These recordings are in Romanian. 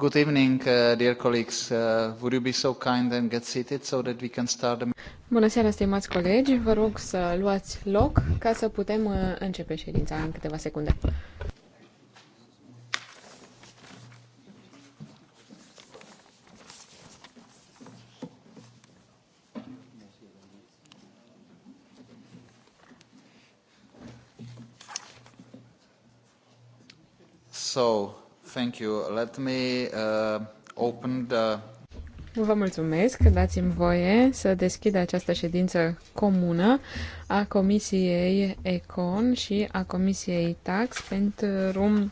Good evening, uh, dear colleagues. Uh, would you be so kind and get seated so that we can start the... Bună seara, stimați colegi. Vă rog să luați loc ca să putem uh, începe ședința în câteva secunde. Uh, Vă mulțumesc. Dați-mi voie să deschid această ședință comună a Comisiei Econ și a Comisiei Tax pentru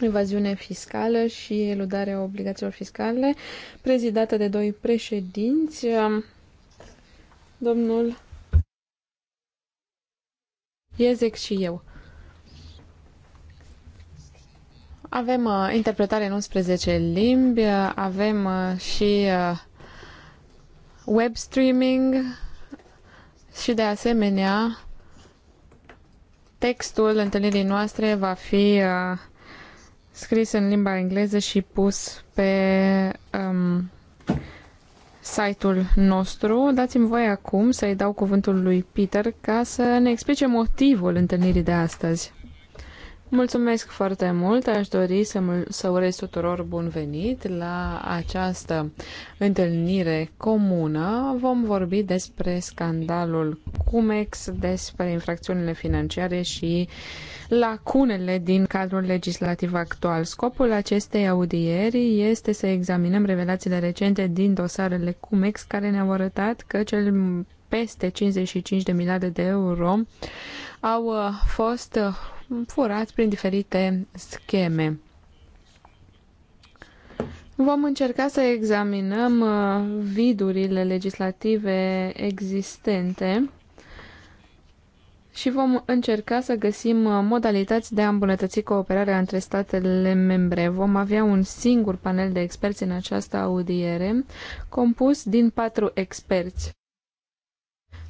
evaziune fiscală și eludarea obligațiilor fiscale, prezidată de doi președinți, domnul Iezec și eu. Avem uh, interpretare în 11 limbi, uh, avem uh, și uh, web streaming și de asemenea textul întâlnirii noastre va fi uh, scris în limba engleză și pus pe um, site-ul nostru. Dați-mi voi acum să-i dau cuvântul lui Peter ca să ne explice motivul întâlnirii de astăzi. Mulțumesc foarte mult. Aș dori să, să urez tuturor bun venit la această întâlnire comună. Vom vorbi despre scandalul Cumex, despre infracțiunile financiare și lacunele din cadrul legislativ actual. Scopul acestei audieri este să examinăm revelațiile recente din dosarele Cumex care ne-au arătat că cel peste 55 de miliarde de euro au uh, fost uh, furați prin diferite scheme. Vom încerca să examinăm uh, vidurile legislative existente și vom încerca să găsim modalități de a îmbunătăți cooperarea între statele membre. Vom avea un singur panel de experți în această audiere, compus din patru experți.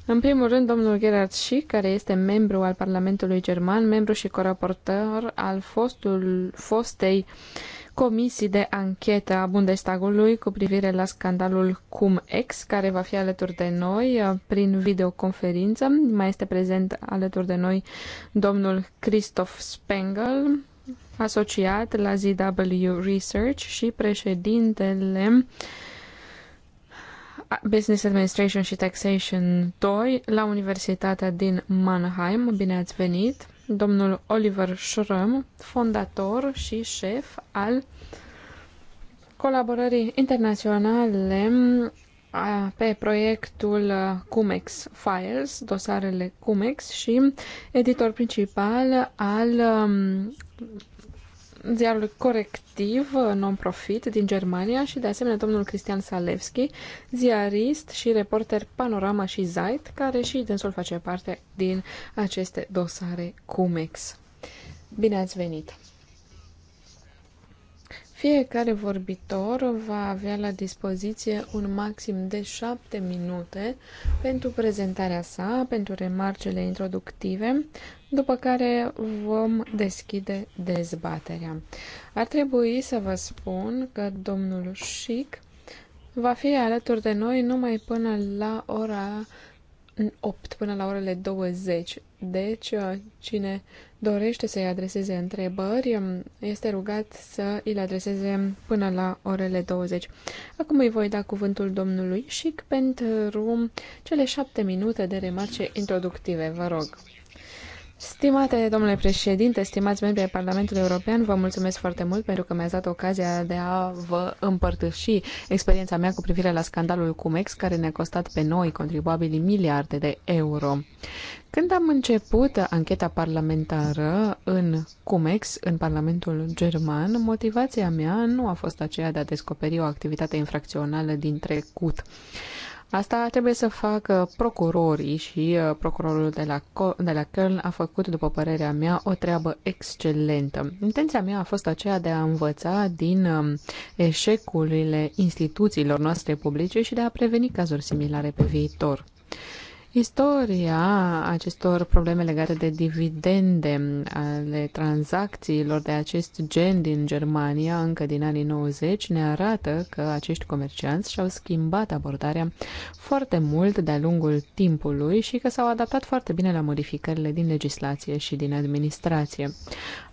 În primul rând, domnul Gerhard Schick, care este membru al Parlamentului German, membru și coraportor al fostul, fostei comisii de anchetă a Bundestagului cu privire la scandalul Cum-Ex, care va fi alături de noi uh, prin videoconferință. Mai este prezent alături de noi domnul Christoph Spengel, asociat la ZW Research și președintele uh, Business Administration și Taxation 2 la Universitatea din Mannheim. Bine ați venit! Domnul Oliver Schrum, fondator și șef al colaborării internaționale pe proiectul Cumex Files, dosarele Cumex și editor principal al ziarul Corectiv, non-profit, din Germania și de asemenea domnul Cristian Salevski, ziarist și reporter Panorama și Zeit, care și dânsul face parte din aceste dosare Cumex. Bine ați venit! Fiecare vorbitor va avea la dispoziție un maxim de șapte minute pentru prezentarea sa, pentru remarcele introductive, după care vom deschide dezbaterea. Ar trebui să vă spun că domnul Schick va fi alături de noi numai până la ora 8, până la orele 20. Deci, uh, cine dorește să-i adreseze întrebări, um, este rugat să îi adreseze până la orele 20. Acum îi voi da cuvântul domnului Șic pentru cele șapte minute de remarce introductive. Vă rog. Stimate domnule președinte, stimați membri ai Parlamentului European, vă mulțumesc foarte mult pentru că mi-ați dat ocazia de a vă împărtăși experiența mea cu privire la scandalul Cumex, care ne-a costat pe noi, contribuabili miliarde de euro. Când am început ancheta parlamentară în Cumex, în Parlamentul German, motivația mea nu a fost aceea de a descoperi o activitate infracțională din trecut. Asta trebuie să facă procurorii și uh, procurorul de la, de la Köln a făcut, după părerea mea, o treabă excelentă. Intenția mea a fost aceea de a învăța din um, eșecurile instituțiilor noastre publice și de a preveni cazuri similare pe viitor. Istoria acestor probleme legate de dividende ale tranzacțiilor de acest gen din Germania încă din anii 90 ne arată că acești comercianți și-au schimbat abordarea foarte mult de-a lungul timpului și că s-au adaptat foarte bine la modificările din legislație și din administrație.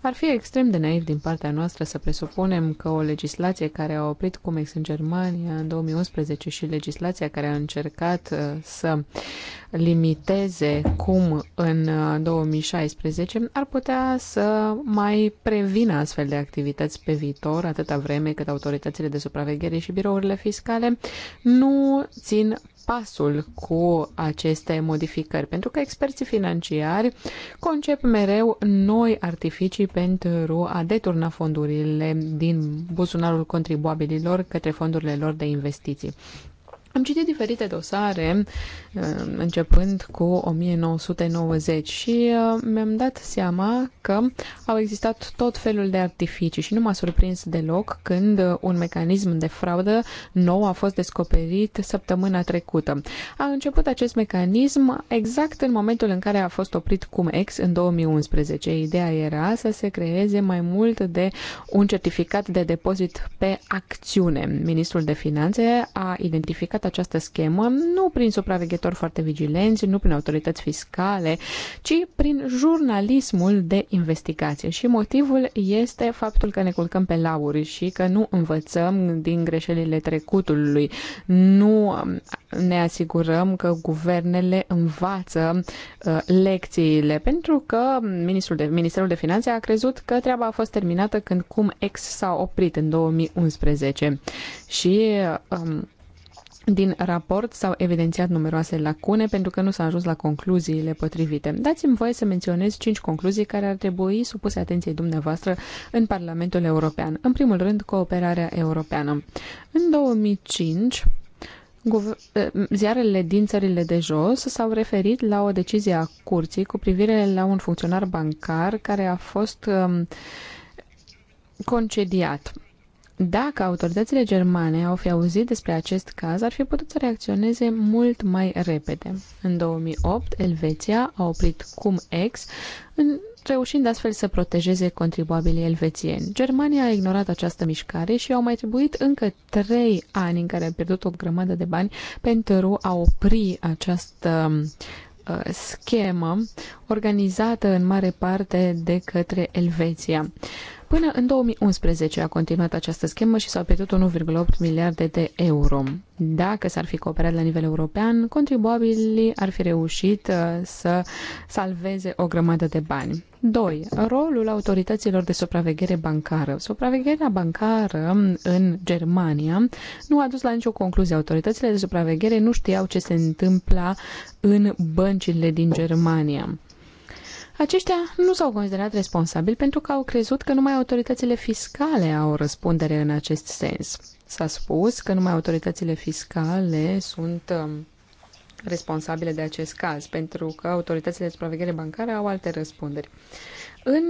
Ar fi extrem de naiv din partea noastră să presupunem că o legislație care a oprit Cumex în Germania în 2011 și legislația care a încercat uh, să limiteze cum în 2016 uh, ar putea să mai prevină astfel de activități pe viitor, atâta vreme cât autoritățile de supraveghere și birourile fiscale nu țin pasul cu aceste modificări, pentru că experții financiari concep mereu noi artificii pentru a deturna fondurile din buzunarul contribuabililor către fondurile lor de investiții. Am citit diferite dosare, uh, începând cu 1990 și uh, mi-am dat seama că au existat tot felul de artificii și nu m-a surprins deloc când uh, un mecanism de fraudă nou a fost descoperit săptămâna trecută. A început acest mecanism exact în momentul în care a fost oprit CumEx în 2011. Ideea era să se creeze mai mult de un certificat de depozit pe acțiune. Ministrul de Finanțe a identificat această schemă nu prin supraveghetori foarte vigilenți, nu prin autorități fiscale, ci prin jurnalismul de investigație. Și motivul este faptul că ne culcăm pe lauri și că nu învățăm din greșelile trecutului. Nu um, ne asigurăm că guvernele învață uh, lecțiile, pentru că Ministrul de, Ministerul de Finanțe a crezut că treaba a fost terminată când cum ex s-a oprit în 2011. Și um, din raport s-au evidențiat numeroase lacune pentru că nu s-a ajuns la concluziile potrivite. Dați-mi voie să menționez cinci concluzii care ar trebui supuse atenției dumneavoastră în Parlamentul European. În primul rând, cooperarea europeană. În 2005, eh, ziarele din țările de jos s-au referit la o decizie a curții cu privire la un funcționar bancar care a fost ehm, concediat dacă autoritățile germane au fi auzit despre acest caz, ar fi putut să reacționeze mult mai repede. În 2008, Elveția a oprit cum ex, în, reușind astfel să protejeze contribuabilii elvețieni. Germania a ignorat această mișcare și au mai trebuit încă trei ani în care a pierdut o grămadă de bani pentru a opri această uh, schemă organizată în mare parte de către Elveția. Până în 2011 a continuat această schemă și s-au pierdut 1,8 miliarde de euro. Dacă s-ar fi cooperat la nivel european, contribuabilii ar fi reușit uh, să salveze o grămadă de bani. 2. Rolul autorităților de supraveghere bancară. Supravegherea bancară în Germania nu a dus la nicio concluzie. Autoritățile de supraveghere nu știau ce se întâmpla în băncile din Germania aceștia nu s-au considerat responsabili pentru că au crezut că numai autoritățile fiscale au răspundere în acest sens. S-a spus că numai autoritățile fiscale sunt um, responsabile de acest caz, pentru că autoritățile de supraveghere bancară au alte răspunderi. În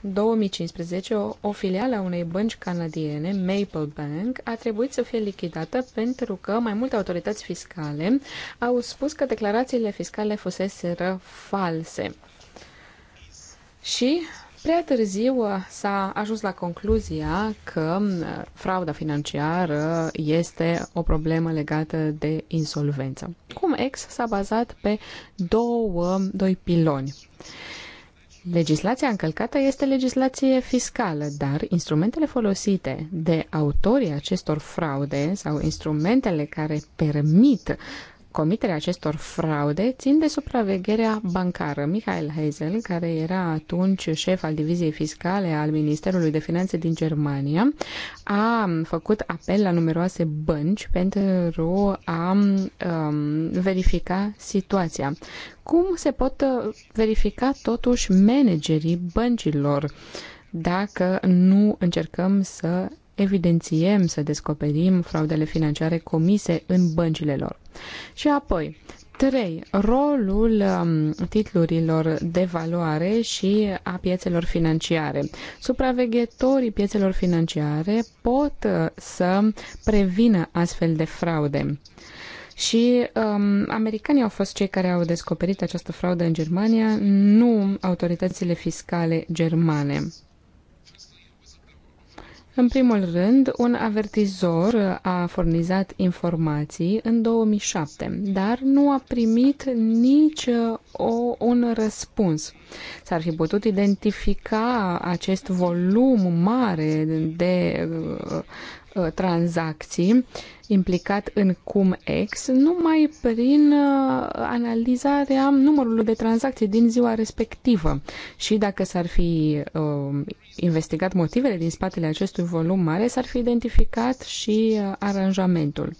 2015, uh, o, o filială a unei bănci canadiene, Maple Bank, a trebuit să fie lichidată pentru că mai multe autorități fiscale au spus că declarațiile fiscale fuseseră false. Și prea târziu s-a ajuns la concluzia că uh, frauda financiară este o problemă legată de insolvență. Cum ex s-a bazat pe două, doi piloni. Legislația încălcată este legislație fiscală, dar instrumentele folosite de autorii acestor fraude sau instrumentele care permit comiterea acestor fraude țin de supravegherea bancară. Michael Hazel, care era atunci șef al diviziei fiscale al Ministerului de Finanțe din Germania, a făcut apel la numeroase bănci pentru a um, verifica situația. Cum se pot uh, verifica totuși managerii băncilor? dacă nu încercăm să evidențiem, să descoperim fraudele financiare comise în băncile lor. Și apoi, 3. Rolul um, titlurilor de valoare și a piețelor financiare. Supraveghetorii piețelor financiare pot uh, să prevină astfel de fraude. Și um, americanii au fost cei care au descoperit această fraudă în Germania, nu autoritățile fiscale germane. În primul rând, un avertizor a furnizat informații în 2007, dar nu a primit nici o, un răspuns. S-ar fi putut identifica acest volum mare de Uh, tranzacții implicat în cum ex numai prin uh, analizarea numărului de tranzacții din ziua respectivă. Și dacă s-ar fi uh, investigat motivele din spatele acestui volum mare, s-ar fi identificat și aranjamentul.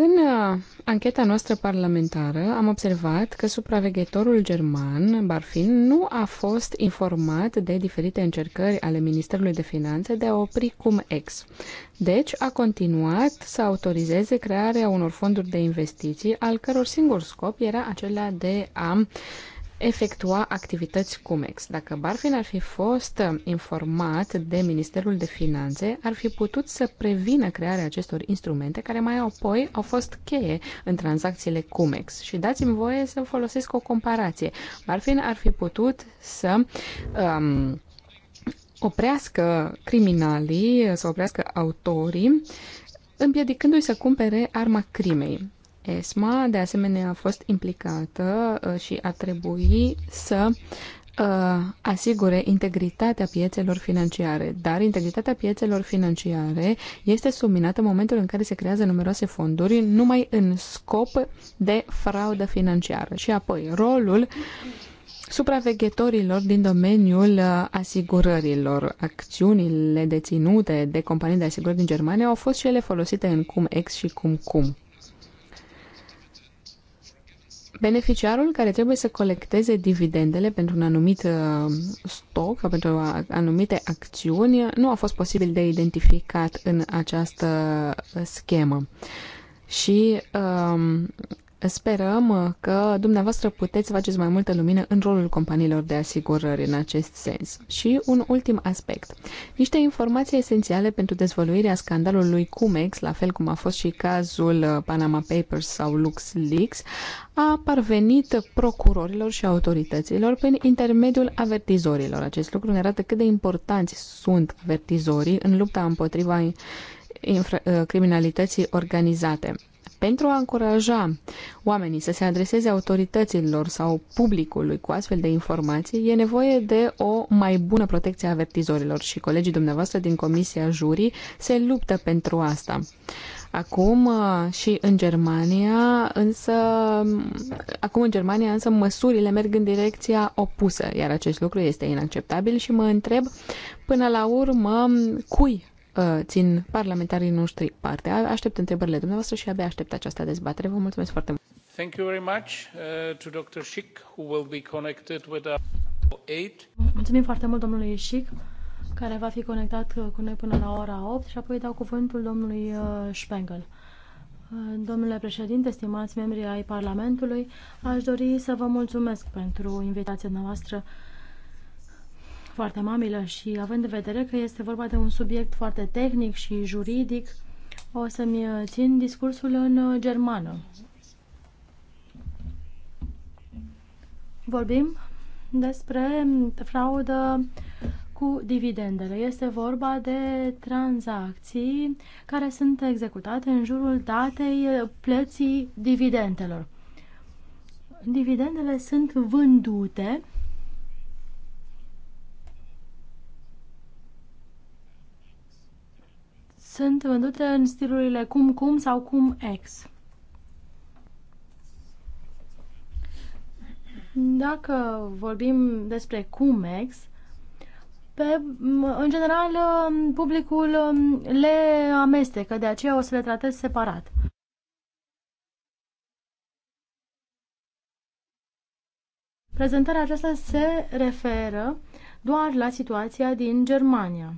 În uh, ancheta noastră parlamentară am observat că supraveghetorul german, Barfin, nu a fost informat de diferite încercări ale Ministerului de Finanțe de a opri cum ex. Deci a continuat să autorizeze crearea unor fonduri de investiții, al căror singur scop era acela de a efectua activități CUMEX. Dacă Barfin ar fi fost um, informat de Ministerul de Finanțe, ar fi putut să prevină crearea acestor instrumente care mai apoi au fost cheie în tranzacțiile CUMEX. Și dați-mi voie să folosesc o comparație. Barfin ar fi putut să um, oprească criminalii, să oprească autorii, împiedicându-i să cumpere arma crimei. ESMA, de asemenea, a fost implicată uh, și a trebuit să uh, asigure integritatea piețelor financiare, dar integritatea piețelor financiare este subminată în momentul în care se creează numeroase fonduri numai în scop de fraudă financiară. Și apoi, rolul supraveghetorilor din domeniul uh, asigurărilor. Acțiunile deținute de companii de asigurări din Germania au fost și ele folosite în cum ex și cum cum beneficiarul care trebuie să colecteze dividendele pentru un anumit uh, stoc pentru uh, anumite acțiuni nu a fost posibil de identificat în această uh, schemă. Și um, Sperăm uh, că dumneavoastră puteți faceți mai multă lumină în rolul companiilor de asigurări în acest sens. Și un ultim aspect. Niște informații esențiale pentru dezvăluirea scandalului Cumex, la fel cum a fost și cazul uh, Panama Papers sau LuxLeaks, a parvenit procurorilor și autorităților prin intermediul avertizorilor. Acest lucru ne arată cât de importanți sunt avertizorii în lupta împotriva uh, criminalității organizate. Pentru a încuraja oamenii să se adreseze autorităților sau publicului cu astfel de informații, e nevoie de o mai bună protecție a avertizorilor și colegii dumneavoastră din Comisia Jurii se luptă pentru asta. Acum uh, și în Germania, însă acum în Germania însă măsurile merg în direcția opusă, iar acest lucru este inacceptabil și mă întreb până la urmă cui Uh, țin parlamentarii noștri parte. Aștept întrebările dumneavoastră și abia aștept această dezbatere. Vă mulțumesc foarte mult. Thank you very much uh, to Dr. Schick, who will be connected with our eight. Mulțumim foarte mult domnului Schick, care va fi conectat uh, cu noi până la ora 8 și apoi dau cuvântul domnului uh, Spengel. Domnule președinte, stimați membri ai Parlamentului, aș dori să vă mulțumesc pentru invitația noastră foarte amabilă și având în vedere că este vorba de un subiect foarte tehnic și juridic, o să-mi țin discursul în germană. Vorbim despre fraudă cu dividendele. Este vorba de tranzacții care sunt executate în jurul datei plății dividendelor. Dividendele sunt vândute sunt vândute în stilurile cum-cum sau cum-ex. Dacă vorbim despre cum-ex, pe, în general, publicul le amestecă, de aceea o să le tratez separat. Prezentarea aceasta se referă doar la situația din Germania.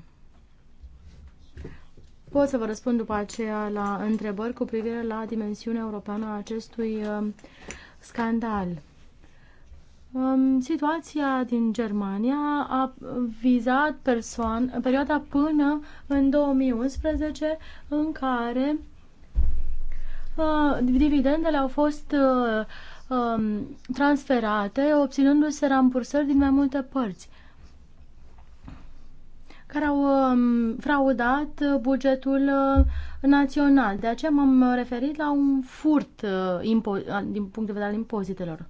Pot să vă răspund după aceea la întrebări cu privire la dimensiunea europeană a acestui um, scandal. Um, situația din Germania a vizat persoan, perioada până în 2011 în care uh, dividendele au fost uh, um, transferate, obținându-se rambursări din mai multe părți care au um, fraudat bugetul uh, național. De aceea m-am referit la un furt uh, uh, din punct de vedere al impozitelor.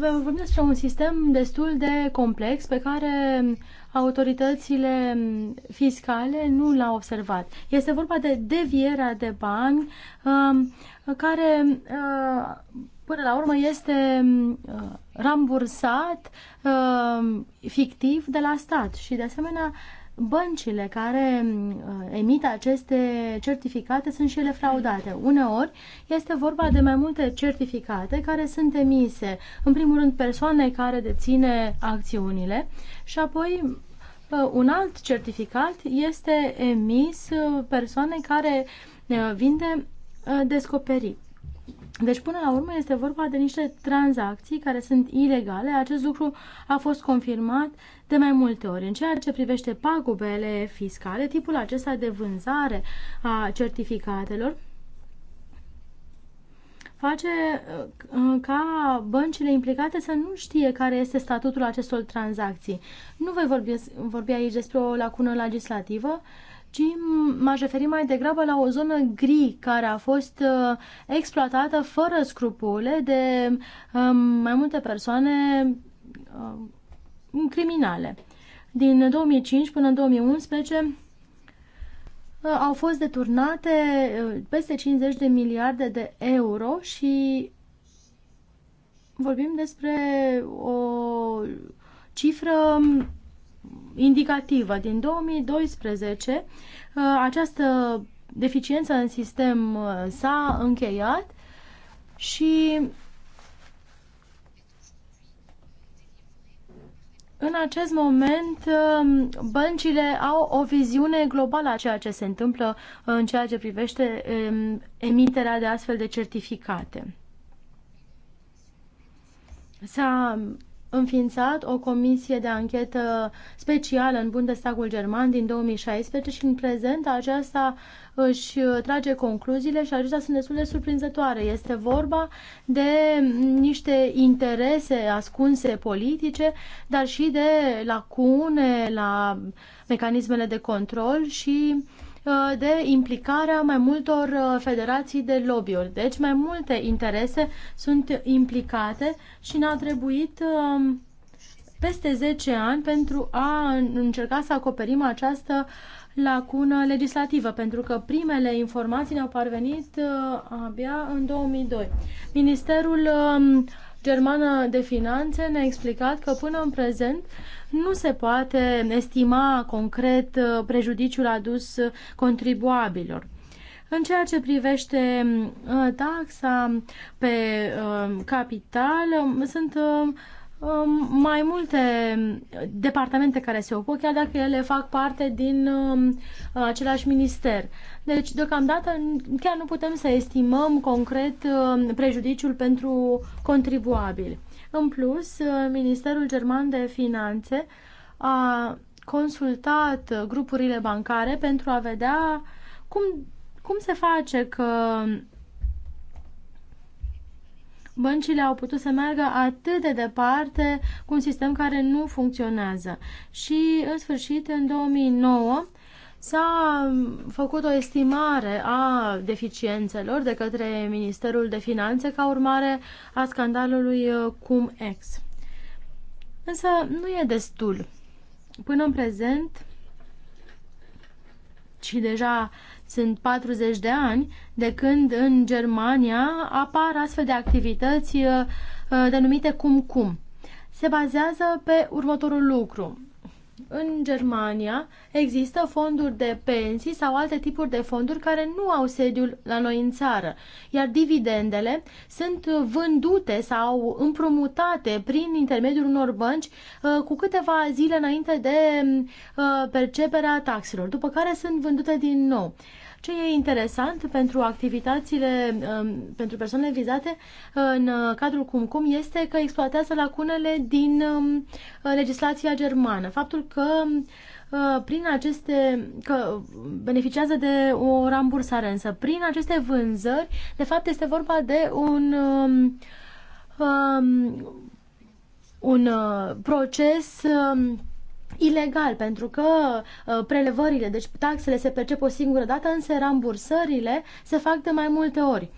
vorbim despre un sistem destul de complex pe care autoritățile um, fiscale nu l-au observat. Este vorba de devierea de bani um, care până la urmă este mm, uh, rambursat uh, fictiv de la stat și de asemenea băncile care mm, uh, emit aceste certificate sunt și ele fraudate. Uneori este vorba de mai multe certificate care sunt emise, în primul rând persoane care deține acțiunile și apoi un alt certificat este emis persoane care vinde descoperit deci, până la urmă, este vorba de niște tranzacții care sunt ilegale. Acest lucru a fost confirmat de mai multe ori. În ceea ce privește pagubele fiscale, tipul acesta de vânzare a certificatelor face uh, ca băncile implicate să nu știe care este statutul acestor tranzacții. Nu voi vorbi, vorbi aici despre o lacună legislativă, ci m-aș referi mai degrabă la o zonă gri care a fost uh, exploatată fără scrupule de um, mai multe persoane um, criminale. Din 2005 până în 2011 uh, au fost deturnate uh, peste 50 de miliarde de euro și vorbim despre o cifră um, indicativă. Din 2012 uh, această deficiență în sistem uh, s-a încheiat și În acest moment, uh, băncile au o viziune globală a ceea ce se întâmplă în ceea ce privește um, emiterea de astfel de certificate. S-a înființat o comisie de anchetă specială în Bundestagul German din 2016 și în prezent aceasta își uh, trage concluziile și acestea sunt destul de surprinzătoare. Este vorba de niște interese ascunse politice, dar și de lacune la mecanismele de control și uh, Uh, de implicarea mai multor uh, federații de lobby-uri. Deci mai multe interese sunt implicate și ne-a trebuit um, peste 10 ani pentru a încerca să acoperim această lacună legislativă, pentru că primele informații ne-au parvenit uh, abia în 2002. Ministerul um, Germană de Finanțe ne-a explicat că până în prezent nu se poate estima concret uh, prejudiciul adus contribuabilor. În ceea ce privește uh, taxa pe uh, capital, um, sunt um, um, mai multe departamente care se ocupă, chiar dacă ele fac parte din același minister. Deci, deocamdată, chiar nu putem să estimăm concret prejudiciul pentru contribuabili. În plus, Ministerul German de Finanțe a consultat grupurile bancare pentru a vedea cum, cum se face că băncile au putut să meargă atât de departe cu un sistem care nu funcționează. Și, în sfârșit, în 2009, S-a făcut o estimare a deficiențelor de către Ministerul de Finanțe ca urmare a scandalului uh, Cum-Ex. Însă nu e destul. Până în prezent, și deja sunt 40 de ani de când în Germania apar astfel de activități uh, uh, denumite cum cum. Se bazează pe următorul lucru în Germania există fonduri de pensii sau alte tipuri de fonduri care nu au sediul la noi în țară, iar dividendele sunt vândute sau împrumutate prin intermediul unor bănci uh, cu câteva zile înainte de uh, perceperea taxelor, după care sunt vândute din nou. Ce e interesant pentru activitățile um, pentru persoane vizate uh, în uh, cadrul cum este că exploatează lacunele din um, legislația germană. Faptul că uh, prin aceste, că beneficiază de o rambursare, însă prin aceste vânzări, de fapt este vorba de un um, um un proces um, ilegal, pentru că uh, prelevările, deci taxele se percep o singură dată, însă rambursările se fac de mai multe ori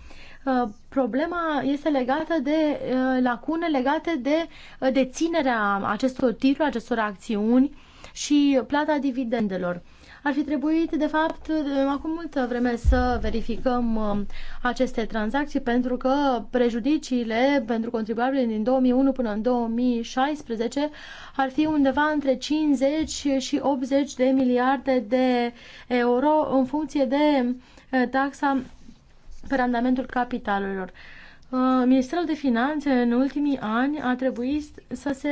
uh, problema este legată de uh, lacune legate de deținerea acestor titluri, acestor acțiuni și plata dividendelor. Ar fi trebuit, de fapt, acum multă vreme să verificăm uh, aceste tranzacții pentru că prejudiciile pentru contribuabile din 2001 până în 2016 ar fi undeva între 50 și 80 de miliarde de euro în funcție de uh, taxa pe randamentul capitalurilor. Uh, Ministerul de Finanțe în ultimii ani a trebuit să se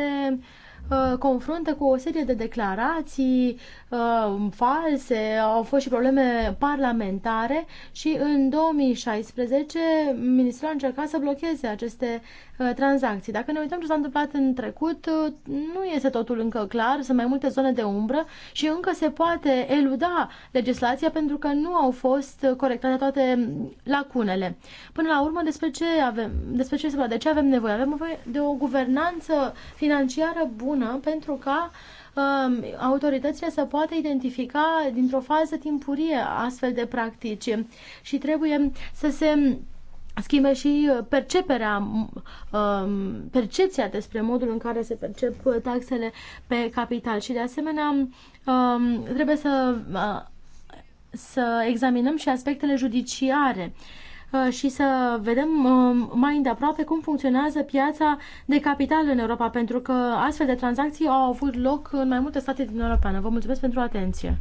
confruntă cu o serie de declarații uh, false, au fost și probleme parlamentare și în 2016 ministrul a încercat să blocheze aceste uh, tranzacții. Dacă ne uităm ce s-a întâmplat în trecut, uh, nu este totul încă clar, sunt mai multe zone de umbră și încă se poate eluda legislația pentru că nu au fost corectate toate lacunele. Până la urmă, despre ce avem, despre ce se de ce avem nevoie? Avem nevoie de o guvernanță financiară bună pentru ca uh, Um, autoritățile să poată identifica dintr-o fază timpurie astfel de practici și trebuie să se schimbe și uh, perceperea, um, um, percepția despre modul în care se percep uh, taxele pe capital și de asemenea trebuie să, uh, să examinăm și aspectele judiciare Uh, și să vedem uh, mai îndeaproape cum funcționează piața de capital în Europa, pentru că astfel de tranzacții au avut loc în mai multe state din Europeană. Vă mulțumesc pentru atenție!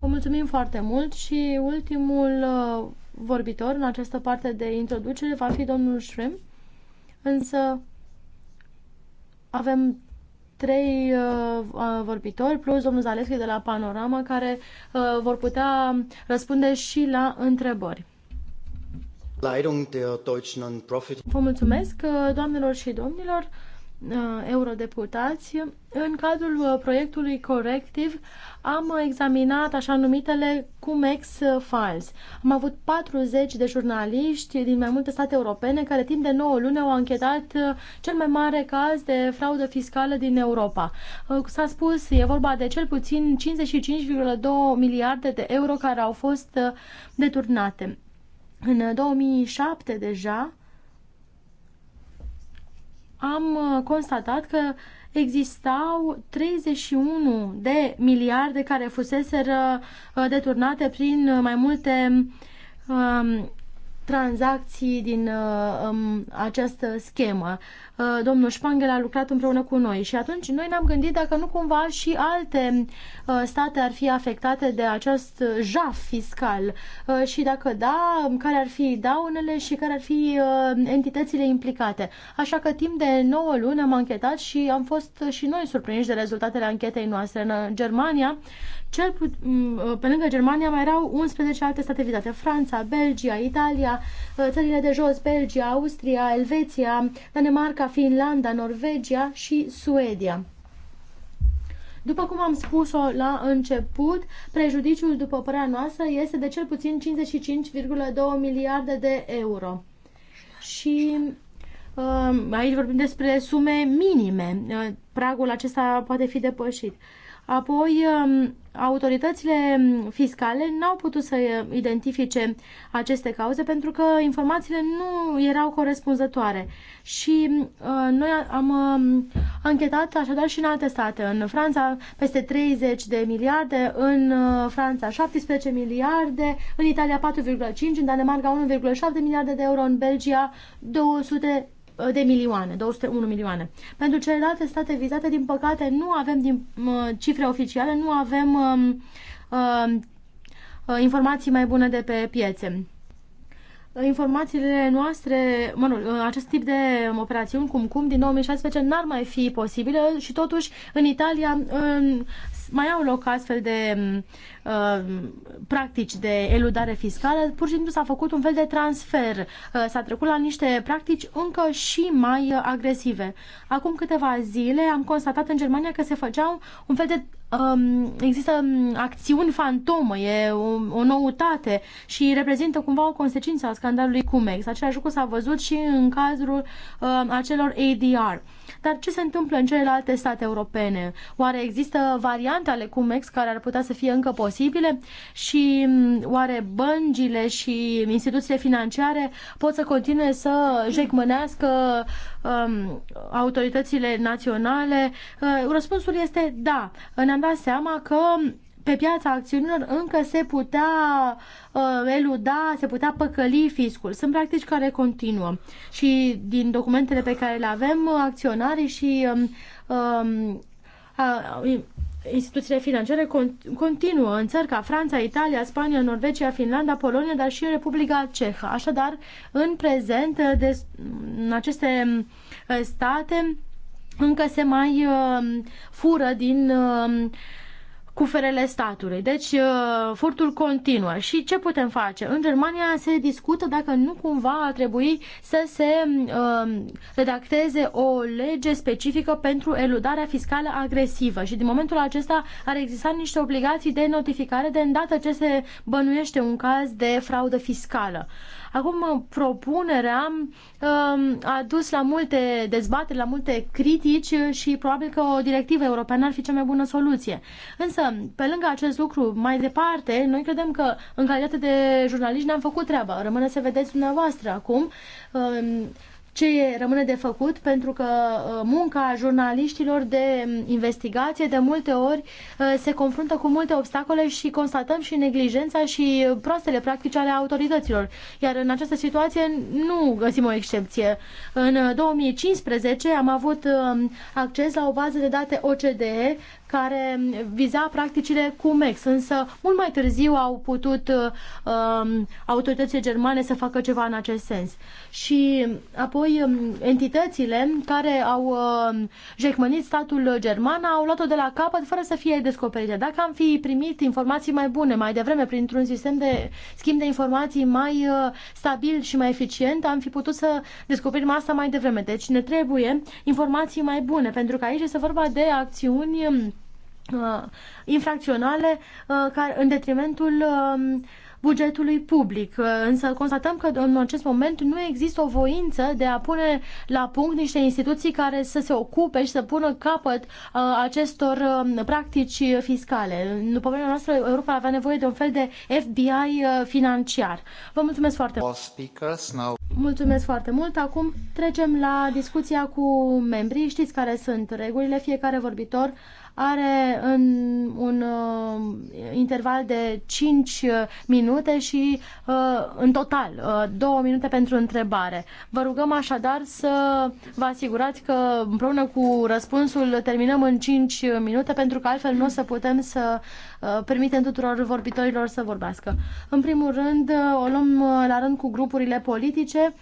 Vă mulțumim foarte mult și ultimul uh, vorbitor în această parte de introducere va fi domnul Shrem, însă avem trei uh, vorbitori plus domnul Zaleschi de la Panorama care uh, vor putea răspunde și la întrebări. Vă mulțumesc, uh, doamnelor și domnilor uh, eurodeputați. În cadrul uh, proiectului corectiv am examinat așa numitele Cumex Files. Am avut 40 de jurnaliști din mai multe state europene care timp de 9 luni au anchetat cel mai mare caz de fraudă fiscală din Europa. S-a spus, e vorba de cel puțin 55,2 miliarde de euro care au fost deturnate. În 2007 deja am uh, constatat că existau 31 de miliarde care fuseseră uh, deturnate prin uh, mai multe um, tranzacții din um, această schemă. Uh, domnul Spangel a lucrat împreună cu noi și atunci noi ne-am gândit dacă nu cumva și alte uh, state ar fi afectate de acest jaf fiscal uh, și dacă da, care ar fi daunele și care ar fi entitățile implicate. Așa că timp de 9 luni am anchetat și am fost și noi surprinși de rezultatele anchetei noastre în Germania. Cel mm, pe lângă Germania mai erau 11 alte state vizate. Franța, Belgia, Italia, țările de jos, Belgia, Austria, Elveția, Danemarca, Finlanda, Norvegia și Suedia. După cum am spus-o la început, prejudiciul, după părerea noastră, este de cel puțin 55,2 miliarde de euro. Și uh, aici vorbim despre sume minime. Uh, pragul acesta poate fi depășit. Apoi, um, autoritățile fiscale n-au putut să identifice aceste cauze pentru că informațiile nu erau corespunzătoare. Și uh, noi am um, anchetat așadar și în alte state. În Franța peste 30 de miliarde, în uh, Franța 17 miliarde, în Italia 4,5, în Danemarca 1,7 miliarde de euro, în Belgia 200 Uh, de milioane, 201 milioane. Pentru celelalte state vizate, din păcate, nu avem din, uh, cifre oficiale, nu avem uh, uh, informații mai bune de pe piețe. Uh, informațiile noastre, mă rog, acest tip de um, operațiuni, cum cum, din 2016 n-ar mai fi posibile și totuși în Italia mai au loc astfel de mm, uh, practici de eludare fiscală, pur și simplu s-a făcut un fel de transfer, uh, s-a trecut la niște practici încă și mai uh, agresive. Acum câteva zile am constatat în Germania că se făceau un fel de um, există um, acțiuni fantomă, e o, o noutate și reprezintă cumva o consecință a scandalului Cumex. Același lucru s-a văzut și în cazul uh, acelor ADR. Dar ce se întâmplă în celelalte state europene? Oare există variante ale Cumex care ar putea să fie încă posibile? Și um, oare băncile și instituțiile financiare pot să continue să jecmănească um, autoritățile naționale? Uh, răspunsul este da. Ne-am dat seama că pe piața acțiunilor încă se putea uh, eluda, se putea păcăli fiscul. Sunt practici care continuă și din documentele pe care le avem, acționarii și um, uh, instituțiile financiare continuă în țări ca Franța, Italia, Spania, Norvegia, Finlanda, Polonia, dar și Republica Cehă. Așadar, în prezent, de, în aceste uh, state, încă se mai uh, fură din uh, cuferele statului. Deci uh, furtul continuă. Și ce putem face? În Germania se discută dacă nu cumva ar trebui să se uh, redacteze o lege specifică pentru eludarea fiscală agresivă și din momentul acesta ar exista niște obligații de notificare de îndată ce se bănuiește un caz de fraudă fiscală. Uh, Acum, uh, propunerea um, a dus la multe dezbateri, la multe critici uh, și probabil că o directivă europeană ar fi cea mai bună soluție. Însă, pe lângă acest lucru, mai departe, noi credem că în calitate de jurnaliști ne-am făcut treaba. Rămâne să vedeți dumneavoastră acum um, ce rămâne de făcut, pentru că uh, munca jurnaliștilor de um, investigație de multe ori uh, se confruntă cu multe obstacole și constatăm și neglijența și proastele practici ale autorităților. Iar în această situație nu găsim o excepție. În 2015 uh, am avut um, acces la o bază de date OCDE care viza practicile CUMEX, însă mult mai târziu au putut um, autoritățile germane să facă ceva în acest sens. Și apoi um, entitățile care au uh, jecmănit statul german au luat-o de la capăt fără să fie descoperite. Dacă am fi primit informații mai bune mai devreme printr-un sistem de schimb de informații mai uh, stabil și mai eficient, am fi putut să descoperim asta mai devreme. Deci ne trebuie informații mai bune, pentru că aici este vorba de acțiuni um, Uh, infracționale uh, care, în detrimentul um, bugetului public. Uh, însă constatăm că în acest moment nu există o voință de a pune la punct niște instituții care să se ocupe și să pună capăt acestor um, practici fiscale. După părerea noastră, Europa avea nevoie de un fel de FBI financiar. Vă mulțumesc foarte mult! Mulțumesc foarte mult! Acum trecem la discuția cu membrii. Știți care sunt regulile. Fiecare vorbitor are în un uh, interval de 5 uh, minute și uh, în total uh, 2 minute pentru întrebare. Vă rugăm așadar să vă asigurați că împreună cu răspunsul terminăm în 5 minute pentru că altfel nu o să putem să uh, permitem tuturor vorbitorilor să vorbească. În primul rând, uh, o luăm uh, la rând cu grupurile politice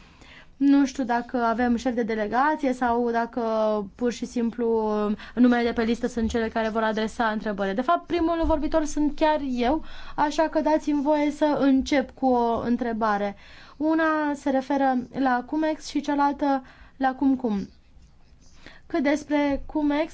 nu știu dacă avem șef de delegație sau dacă pur și simplu numele de pe listă sunt cele care vor adresa întrebări. De fapt, primul vorbitor sunt chiar eu, așa că dați-mi voie să încep cu o întrebare. Una se referă la Cumex și cealaltă la Cumcum. Cât despre Cumex,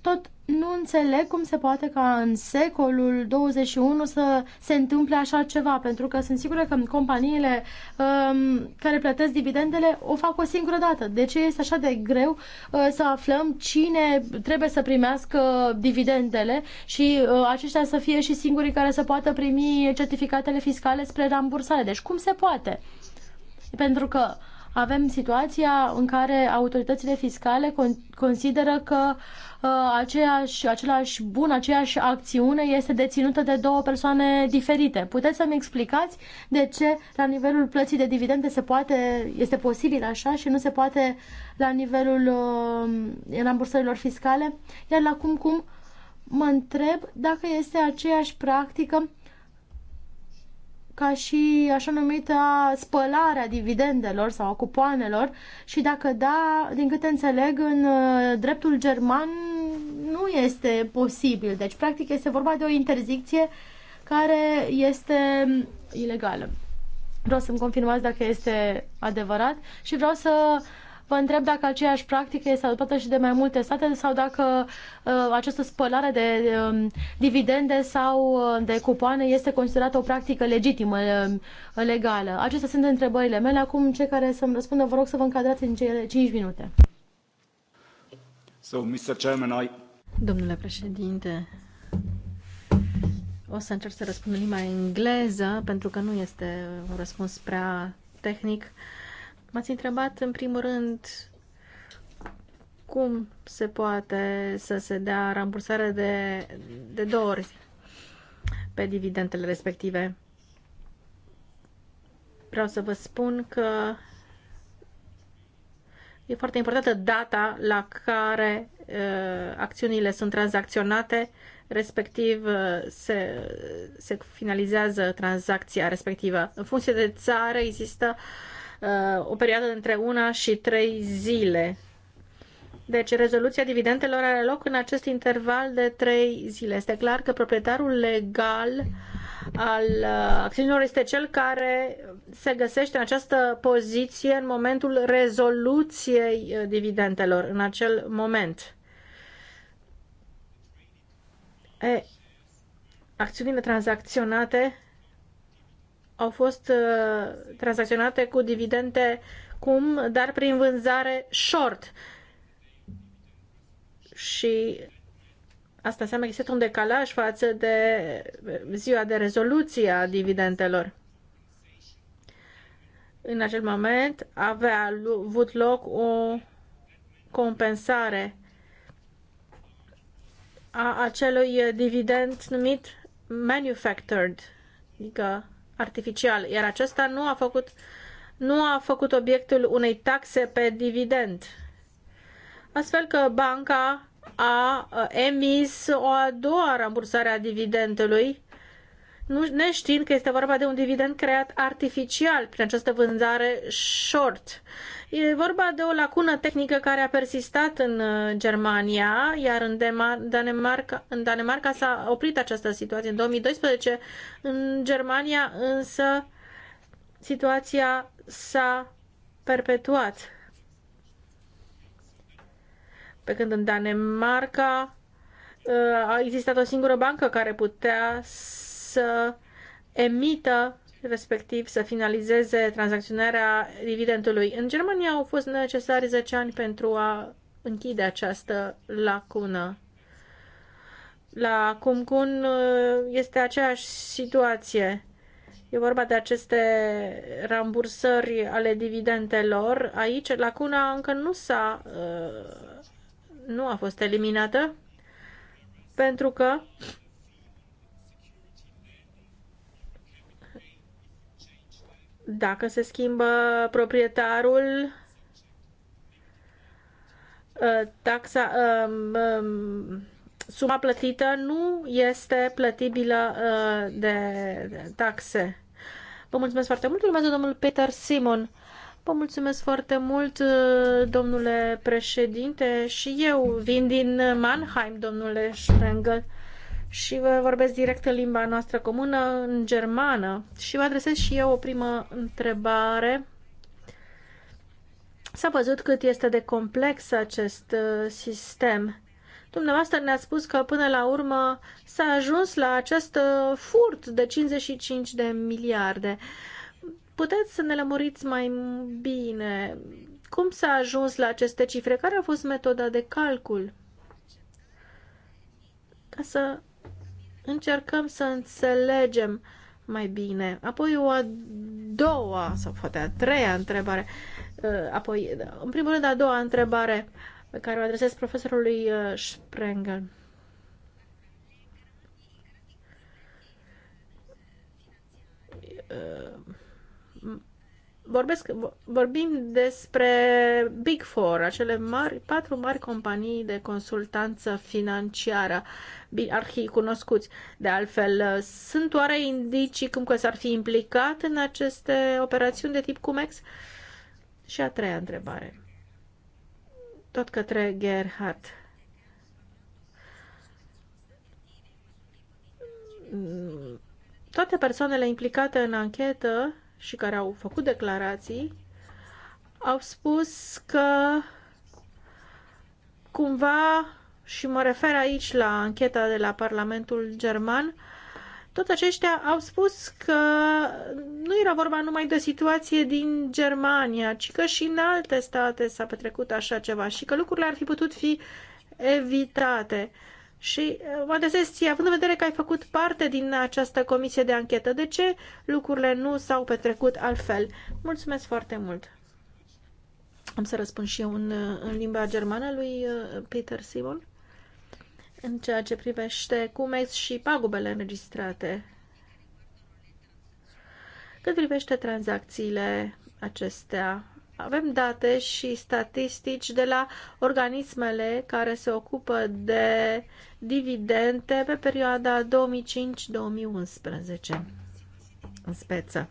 tot nu înțeleg cum se poate ca în secolul 21 să se întâmple așa ceva, pentru că sunt sigură că companiile um, care plătesc dividendele o fac o singură dată. De ce este așa de greu uh, să aflăm cine trebuie să primească dividendele și uh, aceștia să fie și singurii care să poată primi certificatele fiscale spre rambursare? Deci cum se poate? Pentru că uh, avem situația în care autoritățile fiscale consideră că uh, aceeași, același bun, aceeași acțiune este deținută de două persoane diferite. Puteți să-mi explicați de ce la nivelul plății de dividende se poate, este posibil așa și nu se poate la nivelul rambursărilor uh, fiscale? Iar la cum cum mă întreb dacă este aceeași practică ca și așa numita spălarea dividendelor sau a cupoanelor și dacă da, din câte înțeleg, în uh, dreptul german nu este posibil. Deci, practic, este vorba de o interzicție care este ilegală. Vreau să-mi confirmați dacă este adevărat și vreau să Vă întreb dacă aceeași practică este adoptată și de mai multe state sau dacă uh, această spălare de uh, dividende sau uh, de cupoane este considerată o practică legitimă, uh, legală. Acestea sunt întrebările mele. Acum, cei care să-mi răspundă, vă rog să vă încadrați în cele 5 minute. So, Mr. Chairman, I... Domnule președinte, o să încerc să răspund în limba engleză, pentru că nu este un răspuns prea tehnic. Uh, M-ați întrebat în primul rând cum se poate să se dea rambursare de, de două ori pe dividendele respective. Vreau să vă spun că e foarte importantă data la care uh, acțiunile sunt tranzacționate, respectiv uh, se, se finalizează tranzacția respectivă. În funcție de țară există uh, o perioadă între una și trei zile. Deci rezoluția dividendelor are loc în acest interval de trei zile. Este clar că proprietarul legal al uh, acțiunilor este cel care se găsește în această poziție în momentul rezoluției uh, dividendelor, în acel moment. E, acțiunile tranzacționate au fost uh, tranzacționate cu dividende cum, dar prin vânzare short. Și asta înseamnă că există un decalaj față de ziua de rezoluție a dividendelor. În acel moment avea avut loc o compensare a acelui dividend numit manufactured, adică artificial, iar acesta nu a făcut, nu a făcut obiectul unei taxe pe dividend. Astfel că banca a emis o a doua rambursare a dividendului nu, neștiind că este vorba de un dividend creat artificial prin această vânzare short. E vorba de o lacună tehnică care a persistat în uh, Germania, iar în Danemarca, în Danemarca s-a oprit această situație în 2012. În Germania însă situația s-a perpetuat. Pe când în Danemarca uh, a existat o singură bancă care putea să emită respectiv să finalizeze tranzacționarea dividendului. În Germania au fost necesari 10 ani pentru a închide această lacună. La Cumcun uh, este aceeași situație. E vorba de aceste rambursări ale dividendelor. Aici lacuna încă nu s-a uh, nu a fost eliminată pentru că dacă se schimbă proprietarul, ă, taxa, ă, ă, suma plătită nu este plătibilă de taxe. Vă mulțumesc foarte mult. Urmează domnul Peter Simon. Vă mulțumesc foarte mult, domnule președinte, și eu vin din Mannheim, domnule Sprengel și vă vorbesc direct în limba noastră comună, în germană. Și vă adresez și eu o primă întrebare. S-a văzut cât este de complex acest uh, sistem. Dumneavoastră ne a spus că până la urmă s-a ajuns la acest uh, furt de 55 de miliarde. Puteți să ne lămuriți mai bine cum s-a ajuns la aceste cifre? Care a fost metoda de calcul? Ca să încercăm să înțelegem mai bine. Apoi o a doua sau poate a treia întrebare. Uh, apoi, în primul rând, a doua întrebare pe care o adresez profesorului uh, Sprengel. Uh, vorbesc, vorbim despre Big Four, acele mari, patru mari companii de consultanță financiară, arhii cunoscuți. De altfel, sunt oare indicii cum că s-ar fi implicat în aceste operațiuni de tip Cumex? Și a treia întrebare, tot către Gerhard. Toate persoanele implicate în anchetă și care au făcut declarații au spus că cumva, și mă refer aici la ancheta de la Parlamentul German, toți aceștia au spus că nu era vorba numai de situație din Germania, ci că și în alte state s-a petrecut așa ceva și că lucrurile ar fi putut fi evitate. Uh, și mă uh, adresez având în vedere că ai făcut parte din această comisie de anchetă, de ce lucrurile nu s-au petrecut altfel? Mulțumesc foarte mult! Am să răspund și eu în, uh, în limba germană lui uh, Peter Simon în ceea ce privește cumex și pagubele înregistrate. Cât privește tranzacțiile acestea, avem date și statistici de la organismele care se ocupă de dividende pe perioada 2005-2011 în speță.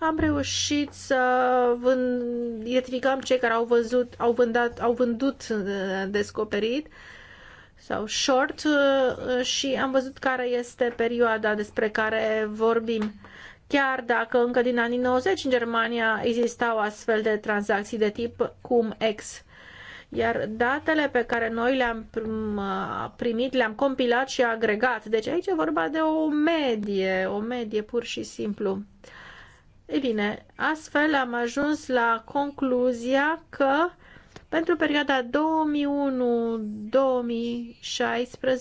Am reușit să vând, identificăm cei care au, văzut, au, vândat, au vândut uh, descoperit sau short uh, și am văzut care este perioada despre care vorbim chiar dacă încă din anii 90 în Germania existau astfel de tranzacții de tip cum ex. Iar datele pe care noi le-am uh, primit, le-am compilat și agregat. Deci aici e vorba de o medie, o medie pur și simplu. Ei bine, astfel am ajuns la concluzia că pentru perioada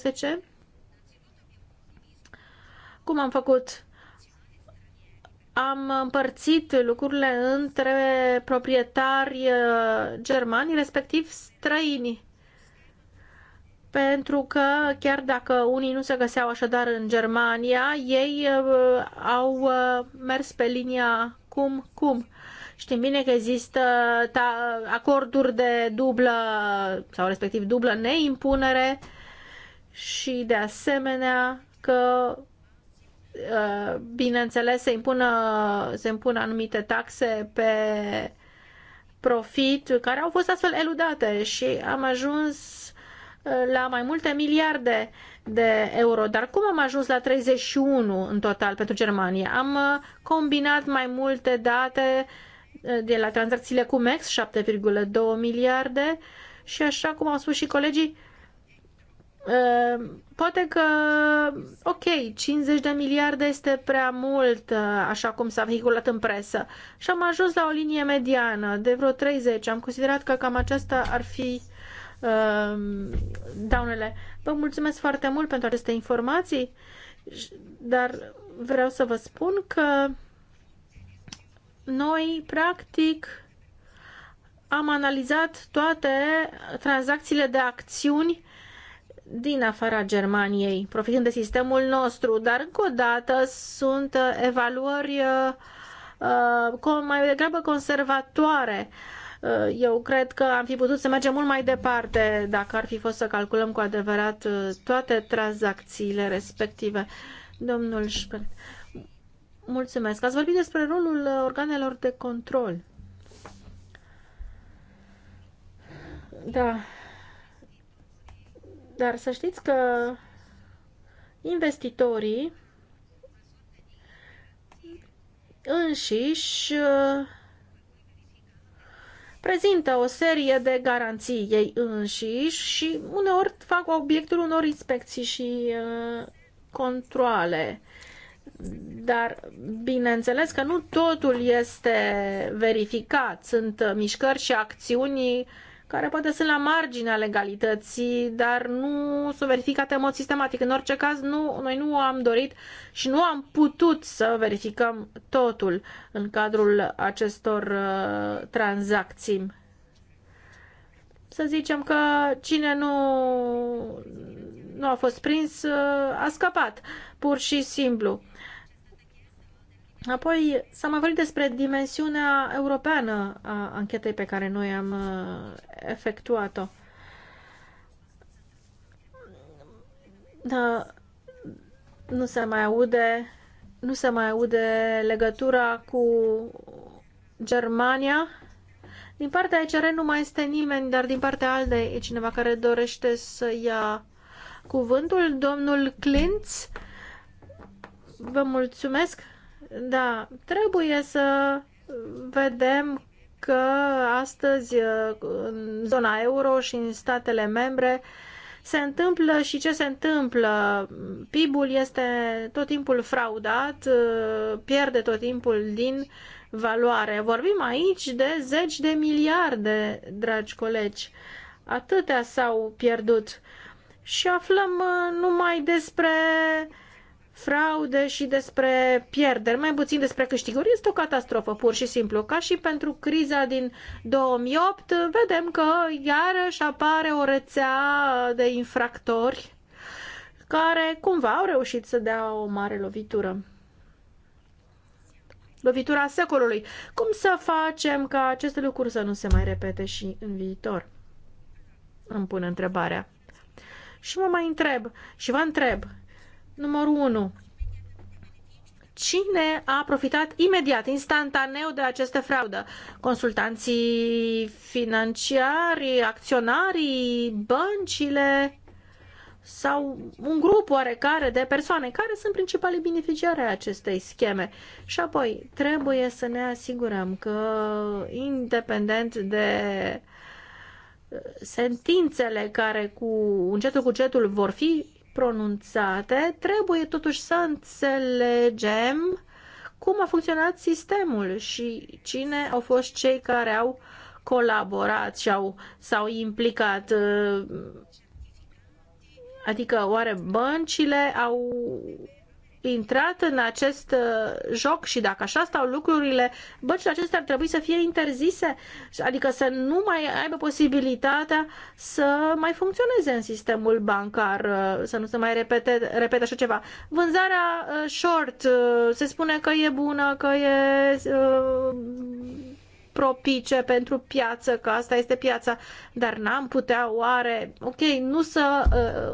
2001-2016, cum am făcut am împărțit lucrurile între proprietari uh, germani, respectiv străini. Pentru că chiar dacă unii nu se găseau așadar în Germania, ei uh, au uh, mers pe linia cum, cum. Știm bine că există acorduri de dublă sau respectiv dublă neimpunere și de asemenea că Uh, bineînțeles, se impună, se impună anumite taxe pe profit care au fost astfel eludate și am ajuns uh, la mai multe miliarde de euro. Dar cum am ajuns la 31 în total pentru Germania? Am uh, combinat mai multe date de la tranzacțiile cu MEX, 7,2 miliarde și așa cum au spus și colegii, Ehm, poate că, ok, 50 de miliarde este prea mult, eh, așa cum s-a vehiculat în presă. Și am ajuns la o linie mediană de vreo 30. Am considerat că cam aceasta ar fi uh, daunele. Vă mulțumesc foarte mult pentru aceste informații, dar vreau să vă spun că noi, practic, am analizat toate tranzacțiile de acțiuni din afara Germaniei, profitând de sistemul nostru, dar încă o dată sunt uh, evaluări uh, uh mai degrabă conservatoare. Uh, eu cred că am fi putut să mergem mult mai departe dacă ar fi fost să calculăm cu adevărat toate tranzacțiile respective. Domnul Șpert, mulțumesc. Ați vorbit despre rolul organelor de control. Da, dar să știți că investitorii înșiși uh, prezintă o serie de garanții ei înșiși și uneori fac obiectul unor inspecții și uh, controle. Dar, bineînțeles că nu totul este verificat. Sunt uh, mișcări și acțiuni care poate sunt la marginea legalității, dar nu sunt verificate în mod sistematic. În orice caz, nu, noi nu am dorit și nu am putut să verificăm totul în cadrul acestor uh, tranzacții. Să zicem că cine nu, nu a fost prins uh, a scăpat, pur și simplu. Apoi s-a mai vorbit despre dimensiunea europeană a anchetei pe care noi am uh, efectuat-o. Da, nu se mai aude nu se mai aude legătura cu Germania. Din partea ECR nu mai este nimeni, dar din partea ALDE e cineva care dorește să ia cuvântul. Domnul Clintz, vă mulțumesc. Da, trebuie să vedem că astăzi în zona euro și în statele membre se întâmplă și ce se întâmplă. PIB-ul este tot timpul fraudat, pierde tot timpul din valoare. Vorbim aici de zeci de miliarde, dragi colegi. Atâtea s-au pierdut. Și aflăm uh, numai despre uh, fraude și despre pierderi, mai puțin despre câștiguri. Este o catastrofă, pur și simplu. Ca și pentru criza din 2008, vedem că iarăși apare o rețea de infractori care cumva au reușit să dea o mare lovitură. Lovitura secolului. Cum să facem ca aceste lucruri să nu se mai repete și în viitor? Îmi pun întrebarea. Și mă mai întreb și vă întreb, Numărul 1. Cine a profitat imediat, instantaneu de aceste fraudă? Consultanții financiari, acționarii, băncile sau un grup oarecare de persoane care sunt principalii beneficiari ai acestei scheme. Și apoi trebuie să ne asigurăm că independent de uh, sentințele care cu încetul cu cetul vor fi pronunțate, trebuie totuși să înțelegem cum a funcționat sistemul și cine au fost cei care au colaborat și au, s-au implicat. Uh, adică oare băncile au intrat în acest uh, joc și dacă așa stau lucrurile, băcile acestea ar trebui să fie interzise, adică să nu mai aibă posibilitatea să mai funcționeze în sistemul bancar, uh, să nu se mai repete, repete așa ceva. Vânzarea uh, short, se spune că e bună, că e propice pentru piață, că asta este piața, dar n-am putea oare, ok, nu să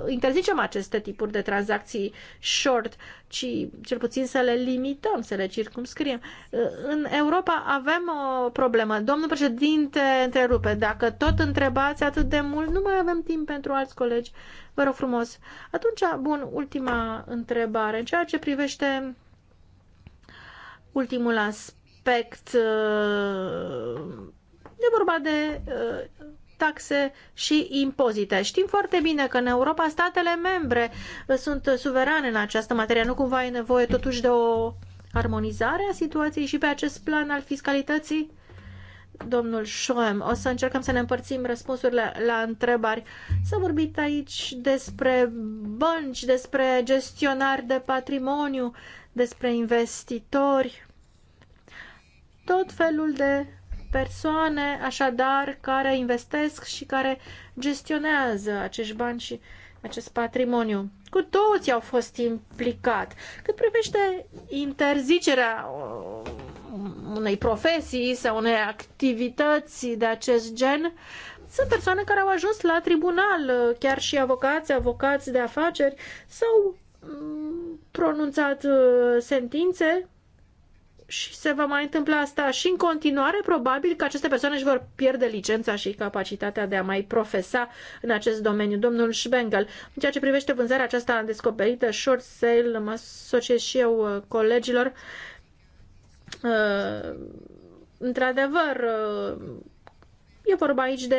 uh, interzicem aceste tipuri de tranzacții short, ci cel puțin să le limităm, să le circumscriem. Uh, în Europa avem o problemă. Domnul președinte, întrerupe, dacă tot întrebați atât de mult, nu mai avem timp pentru alți colegi. Vă rog frumos. Atunci, bun, ultima întrebare. În ceea ce privește ultimul aspect, Uh, E vorba de uh, taxe și impozite. Știm foarte bine că în Europa statele membre uh, sunt suverane în această materie. Nu cumva e nevoie totuși de o armonizare a situației și pe acest plan al fiscalității? Domnul Schoem, o să încercăm să ne împărțim răspunsurile la întrebări. S-a vorbit aici despre bănci, despre gestionari de patrimoniu, despre investitori tot felul de persoane, așadar, care investesc și care gestionează acești bani și acest patrimoniu. Cu toți au fost implicat. Cât privește interzicerea uh, unei profesii sau unei activități de acest gen, sunt persoane care au ajuns la tribunal, uh, chiar și avocați, avocați de afaceri, sau mm, pronunțat uh, sentințe și se va mai întâmpla asta și în continuare, probabil că aceste persoane își vor pierde licența și capacitatea de a mai profesa în acest domeniu. Domnul Schwengel, în ceea ce privește vânzarea aceasta descoperită, short sale, mă asociez și eu uh, colegilor, uh, într-adevăr, uh, E vorba aici de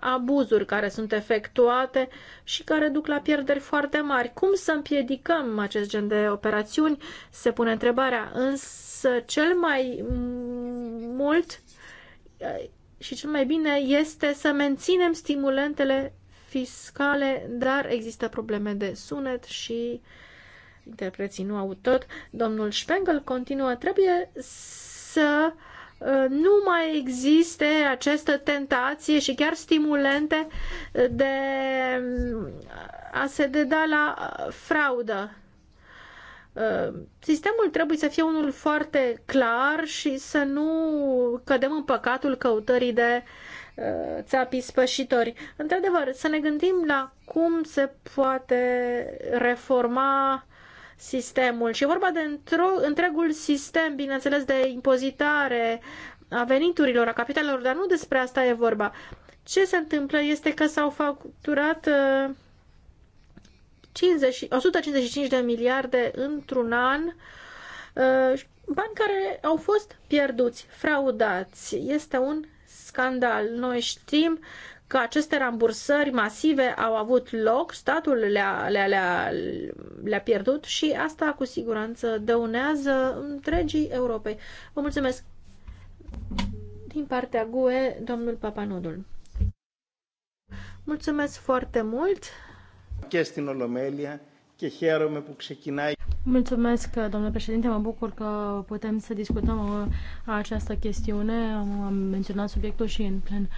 abuzuri care sunt efectuate și care duc la pierderi foarte mari. Cum să împiedicăm acest gen de operațiuni? Se pune întrebarea, însă însă cel mai mult eh, și cel mai bine este să menținem stimulentele fiscale, dar există probleme de sunet și interpreții nu au tot. Domnul Spengel continuă, trebuie să eh, nu mai existe această tentație și chiar stimulente de eh, a se deda la fraudă Uh, sistemul trebuie să fie unul foarte clar și să nu cădem în păcatul căutării de uh, țapii spășitori. Într-adevăr, să ne gândim la cum se poate reforma sistemul. Și e vorba de întregul sistem, bineînțeles, de impozitare a veniturilor, a capitalelor, dar nu despre asta e vorba. Ce se întâmplă este că s-au facturat uh, 50, 155 de miliarde într-un an, uh, bani care au fost pierduți, fraudați. Este un scandal. Noi știm că aceste rambursări masive au avut loc, statul le-a, le le le pierdut și asta cu siguranță dăunează întregii Europei. Vă mulțumesc! Din partea GUE, domnul Papanodul. Mulțumesc foarte mult! Mulțumesc, domnule președinte. Mă bucur că putem să discutăm uh, această chestiune. Am menționat subiectul și în plen.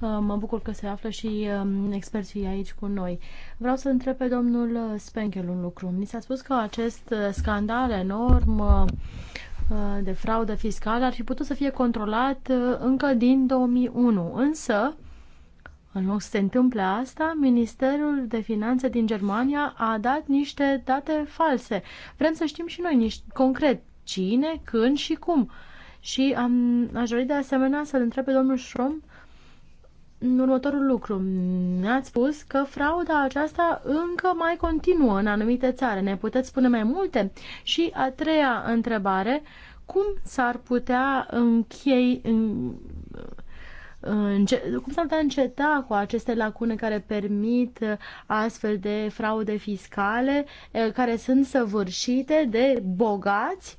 Uh, mă bucur că se află și um, experții aici cu noi. Vreau să întreb pe domnul uh, Spenkel un lucru. Mi s-a spus că acest scandal enorm de fraudă fiscală ar fi putut să fie controlat încă din 2001, însă în loc să se întâmple asta, Ministerul de Finanțe din Germania a dat niște date false. Vrem să știm și noi niște, concret cine, când și cum. Și am, aș dori de asemenea să-l întreb pe domnul Schrom în următorul lucru. Ne-ați spus că frauda aceasta încă mai continuă în anumite țare. Ne puteți spune mai multe? Și a treia întrebare, cum s-ar putea închei, în, cum s-ar putea înceta cu aceste lacune care permit astfel de fraude fiscale care sunt săvârșite de bogați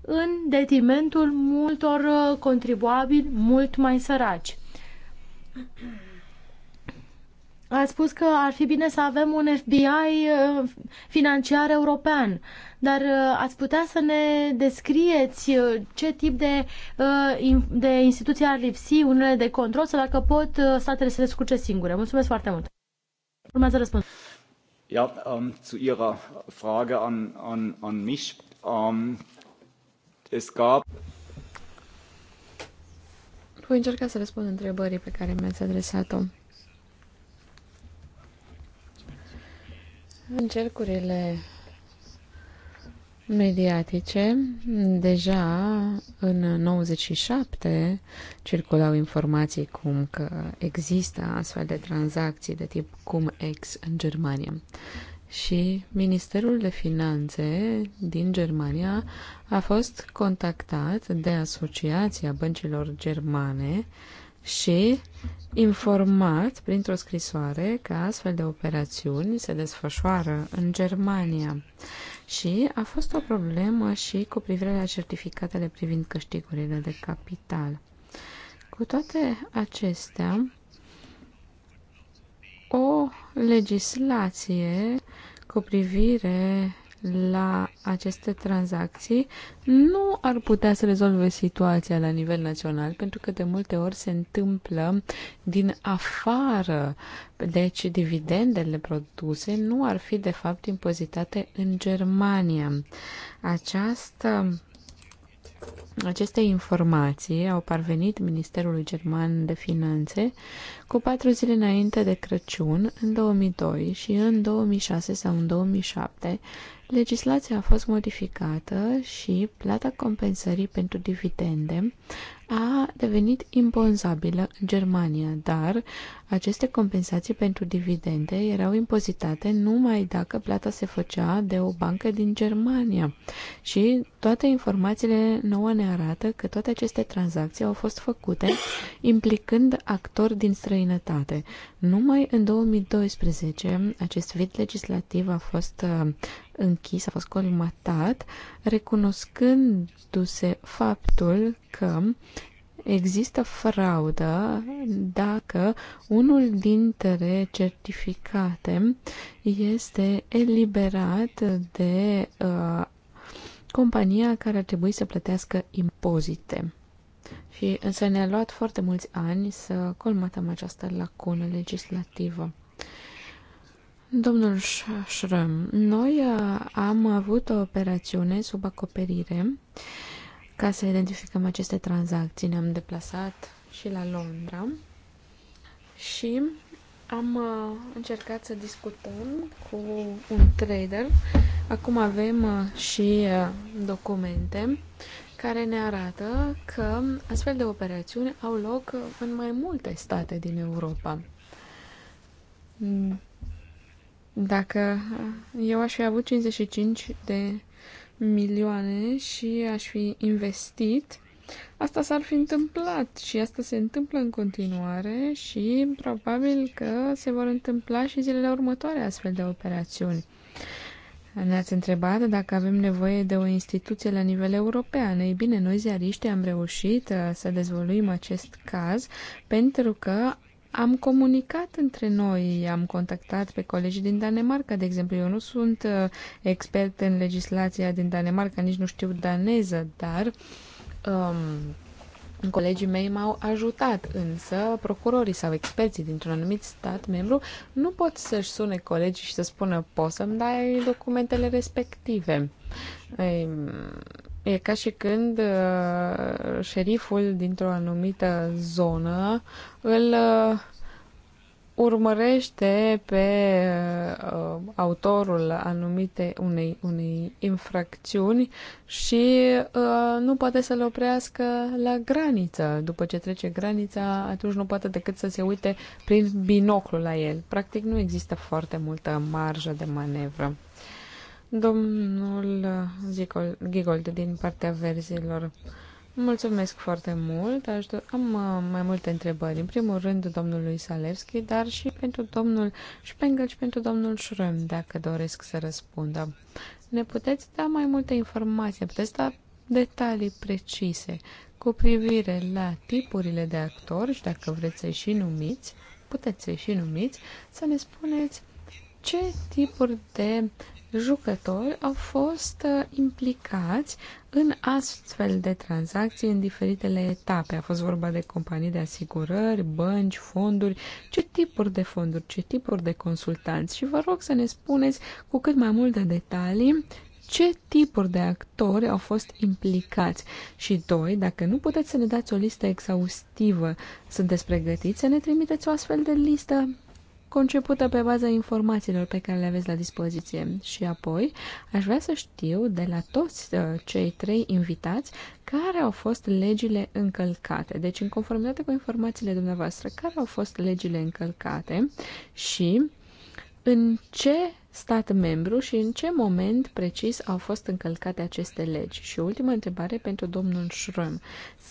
în detrimentul multor uh, contribuabili mult mai săraci? A spus că ar fi bine să avem un FBI uh, financiar european dar uh, ați putea să ne descrieți uh, ce tip de, uh, de instituții ar lipsi, unele de control, sau dacă pot statele să descurce singure. Mulțumesc foarte mult. Urmează răspuns. Ja, um, zu Ihrer Frage an, an, an mich. Um, es gab... Voi încerca să răspund întrebării pe care mi-ați adresat-o. În cercurile mediatice. Deja în 97 circulau informații cum că există astfel de tranzacții de tip cum ex în Germania. Și Ministerul de Finanțe din Germania a fost contactat de Asociația Băncilor Germane și informat printr-o scrisoare că astfel de operațiuni se desfășoară în Germania și a fost o problemă și cu privire la certificatele privind câștigurile de capital. Cu toate acestea, o legislație cu privire la aceste tranzacții nu ar putea să rezolve situația la nivel național, pentru că de multe ori se întâmplă din afară. Deci dividendele produse nu ar fi de fapt impozitate în Germania. Această aceste informații au parvenit Ministerului German de Finanțe cu patru zile înainte de Crăciun, în 2002 și în 2006 sau în 2007, legislația a fost modificată și plata compensării pentru dividende a devenit impozabilă în Germania, dar aceste compensații pentru dividende erau impozitate numai dacă plata se făcea de o bancă din Germania. Și toate informațiile nouă ne arată că toate aceste tranzacții au fost făcute implicând actori din străinătate străinătate. Numai în 2012 acest vid legislativ a fost uh, închis, a fost colmatat, recunoscându-se faptul că există fraudă dacă unul dintre certificate este eliberat de uh, compania care ar trebui să plătească impozite. Și însă ne-a luat foarte mulți ani să colmatăm această lacună legislativă. Domnul Schröm, noi uh, am avut o operațiune sub acoperire ca să identificăm aceste tranzacții. Ne-am deplasat și la Londra și am uh, încercat să discutăm cu un trader. Acum avem uh, și documente care ne arată că astfel de operațiuni au loc în mai multe state din Europa. Dacă eu aș fi avut 55 de milioane și aș fi investit, asta s-ar fi întâmplat și asta se întâmplă în continuare și probabil că se vor întâmpla și zilele următoare astfel de operațiuni. Ne-ați întrebat dacă avem nevoie de o instituție la nivel european. Ei bine, noi ziariști am reușit uh, să dezvoluim acest caz pentru că am comunicat între noi, am contactat pe colegii din Danemarca, de exemplu. Eu nu sunt uh, expert în legislația din Danemarca, nici nu știu daneză, dar um, Colegii mei m-au ajutat, însă procurorii sau experții dintr-un anumit stat membru nu pot să-și sune colegii și să spună poți să-mi dai documentele respective. E ca și când uh, șeriful dintr-o anumită zonă îl uh, urmărește pe uh, autorul anumite unei, unei infracțiuni și uh, nu poate să-l oprească la graniță. După ce trece granița, atunci nu poate decât să se uite prin binoclu la el. Practic nu există foarte multă marjă de manevră. Domnul Gigold din partea verzilor. Uh, Mulțumesc foarte mult. Aș do- am uh, mai multe întrebări. În primul rând, domnului Salevski, dar și pentru domnul Spengel și pentru domnul Schröm, dacă doresc să răspundă. Ne puteți da mai multe informații, puteți da detalii precise cu privire la tipurile de actori și dacă vreți să-i și numiți, puteți să-i și numiți, să ne spuneți ce tipuri de jucători au fost uh, implicați în astfel de tranzacții în diferitele etape. A fost vorba de companii de asigurări, bănci, fonduri, ce tipuri de fonduri, ce tipuri de consultanți și vă rog să ne spuneți cu cât mai multe detalii ce tipuri de actori au fost implicați și, doi, dacă nu puteți să ne dați o listă exhaustivă, sunteți pregătiți să ne trimiteți o astfel de listă concepută pe baza informațiilor pe care le aveți la dispoziție. Și apoi, aș vrea să știu de la toți uh, cei trei invitați care au fost legile încălcate. Deci, în conformitate cu informațiile dumneavoastră, care au fost legile încălcate și în ce stat membru și în ce moment precis au fost încălcate aceste legi? Și ultima întrebare pentru domnul Schröm.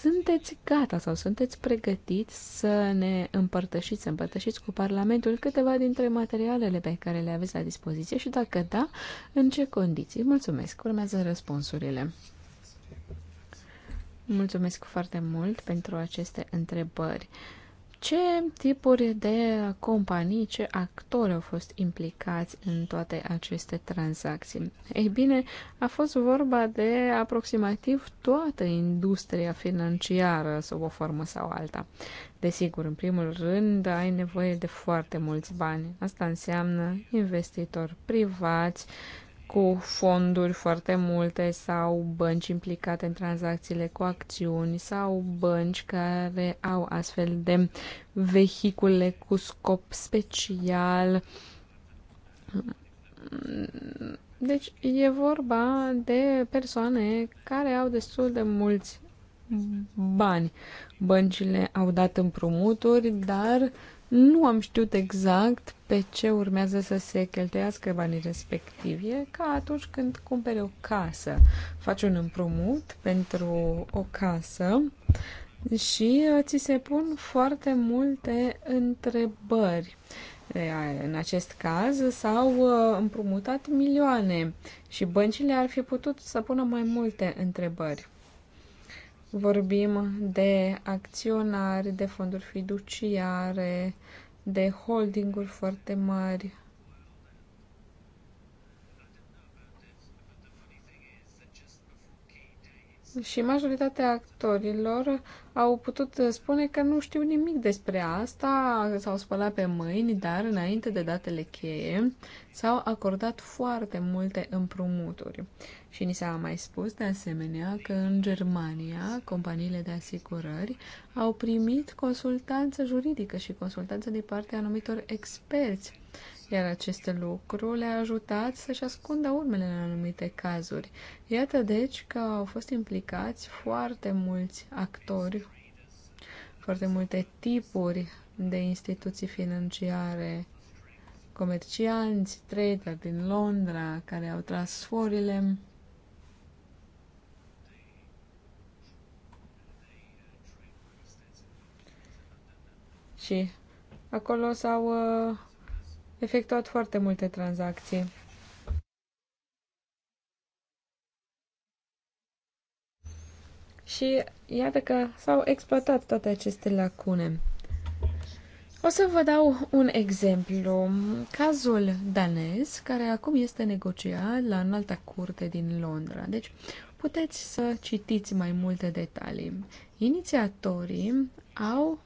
Sunteți gata sau sunteți pregătiți să ne împărtășiți, să împărtășiți cu Parlamentul câteva dintre materialele pe care le aveți la dispoziție și dacă da, în ce condiții? Mulțumesc! Urmează răspunsurile. Mulțumesc foarte mult pentru aceste întrebări. Uh, ce tipuri de companii, ce actori au fost implicați în toate aceste tranzacții? Ei bine, a fost vorba de aproximativ toată industria financiară sub o formă sau alta. Desigur, în primul rând, ai nevoie de foarte mulți bani. Asta înseamnă investitori privați, cu fonduri foarte multe sau bănci implicate în tranzacțiile cu acțiuni sau bănci care au astfel de vehicule cu scop special. Deci e vorba de persoane care au destul de mulți bani. Băncile au dat împrumuturi, dar nu am știut exact pe ce urmează să se cheltuiască banii respectivi. ca atunci când cumpere o casă. Faci un împrumut pentru o casă și uh, ți se pun foarte multe întrebări. În acest caz s-au uh, împrumutat milioane și băncile ar fi putut să pună mai multe întrebări. Vorbim de acționari, de fonduri fiduciare, de holdinguri foarte mari. și majoritatea actorilor au putut spune că nu știu nimic despre asta, s-au spălat pe mâini, dar înainte de datele cheie s-au acordat foarte multe împrumuturi. Și ni s-a mai spus de asemenea că în Germania companiile de asigurări au primit consultanță juridică și consultanță din partea anumitor experți iar acest lucru le-a ajutat să-și ascundă urmele în anumite cazuri. Iată deci că au fost implicați foarte mulți actori, foarte multe tipuri de instituții financiare, comercianți, trader din Londra care au tras sforile. Și acolo s-au uh, efectuat foarte multe tranzacții. Și iată că s-au exploatat toate aceste lacune. O să vă dau un exemplu. Cazul danez, care acum este negociat la înalta curte din Londra. Deci, puteți să citiți mai multe detalii. Inițiatorii au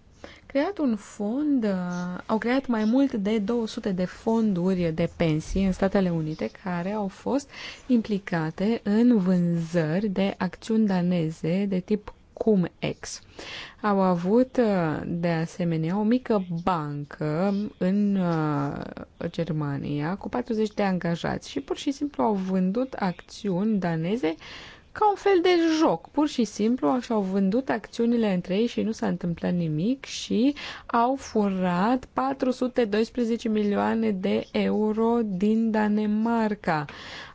creat un fond, uh, au creat mai mult de 200 de fonduri de pensii în Statele Unite care au fost implicate în vânzări de acțiuni daneze de tip CumEx. Au avut uh, de asemenea o mică bancă în uh, Germania cu 40 de angajați și pur și simplu au vândut acțiuni daneze ca un fel de joc. Pur și simplu și-au vândut acțiunile între ei și nu s-a întâmplat nimic și au furat 412 milioane de euro din Danemarca.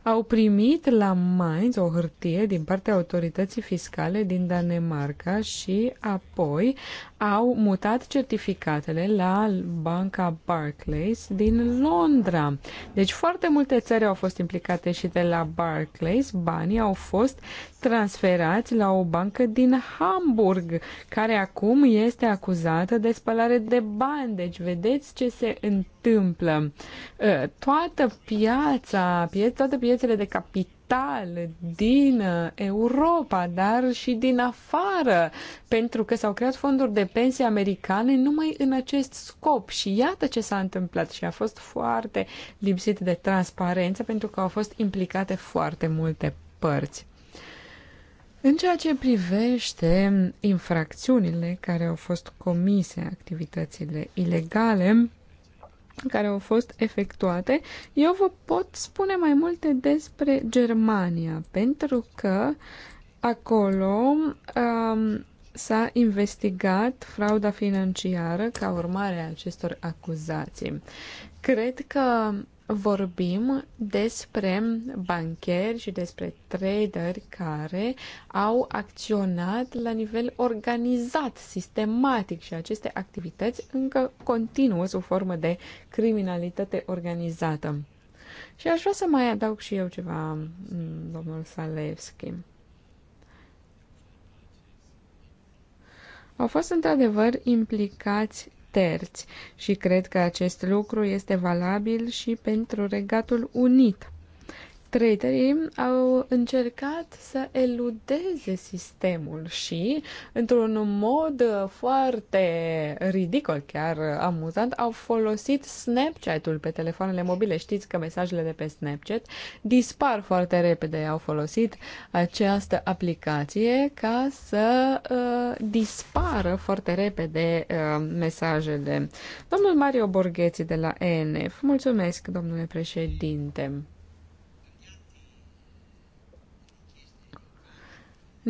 Au primit la Mainz o hârtie din partea autorității fiscale din Danemarca și apoi au mutat certificatele la banca Barclays din Londra. Deci foarte multe țări au fost implicate și de la Barclays. Banii au fost transferați la o bancă din Hamburg, care acum este acuzată de spălare de bani. Deci vedeți ce se întâmplă întâmplă. Ă, toată piața, toate piețele de capital din ă, Europa, dar și din afară, pentru că s-au creat fonduri de pensie americane numai în acest scop. Și iată ce s-a întâmplat și a fost foarte lipsit de transparență pentru că au fost implicate foarte multe părți. În ceea ce privește infracțiunile care au fost comise, activitățile ilegale, care au fost efectuate, eu vă pot spune mai multe despre Germania, pentru că acolo um, s-a investigat frauda financiară ca urmare a acestor acuzații. Cred că vorbim despre bancheri și despre traderi care au acționat la nivel organizat, sistematic și aceste activități încă continuă sub formă de criminalitate organizată. Și aș vrea să mai adaug și eu ceva, mm, domnul Salevski. Au fost într-adevăr implicați terți și cred că acest lucru este valabil și pentru Regatul Unit traderii au încercat să eludeze sistemul și, într-un mod foarte ridicol, chiar amuzant, au folosit Snapchat-ul pe telefoanele mobile. Știți că mesajele de pe Snapchat dispar foarte repede. Au folosit această aplicație ca să uh, dispară foarte repede uh, mesajele. Domnul Mario Borgheții de la ENF, mulțumesc, domnule președinte.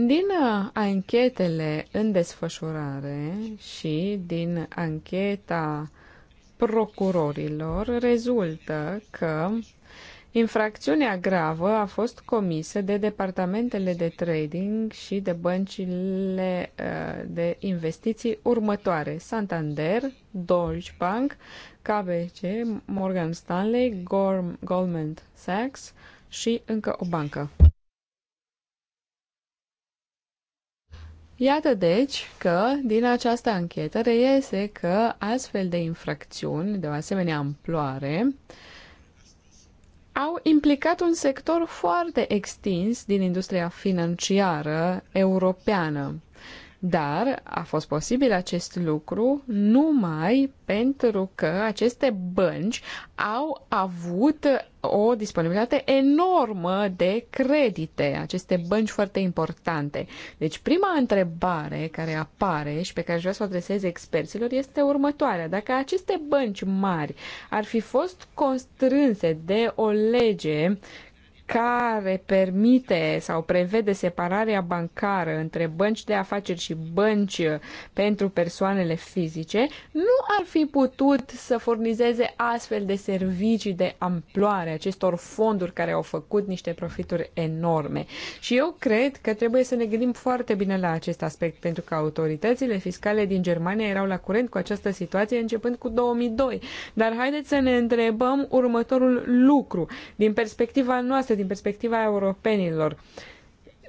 Din uh, anchetele în desfășurare și din ancheta procurorilor rezultă că infracțiunea gravă a fost comisă de departamentele de trading și de băncile uh, de investiții următoare: Santander, Deutsche Bank, KBC, Morgan Stanley, Goldman Sachs și încă o bancă. Iată deci că din această anchetă reiese că astfel de infracțiuni de o asemenea amploare au implicat un sector foarte extins din industria financiară europeană. Dar a fost posibil acest lucru numai pentru că aceste bănci au avut o disponibilitate enormă de credite, aceste bănci foarte importante. Deci prima întrebare care apare și pe care vreau să o adresez experților este următoarea. Dacă aceste bănci mari ar fi fost constrânse de o lege care permite sau prevede separarea bancară între bănci de afaceri și bănci pentru persoanele fizice, nu ar fi putut să furnizeze astfel de servicii de amploare acestor fonduri care au făcut niște profituri enorme. Și eu cred că trebuie să ne gândim foarte bine la acest aspect, pentru că autoritățile fiscale din Germania erau la curent cu această situație începând cu 2002. Dar haideți să ne întrebăm următorul lucru. Din perspectiva noastră, din perspectiva europenilor.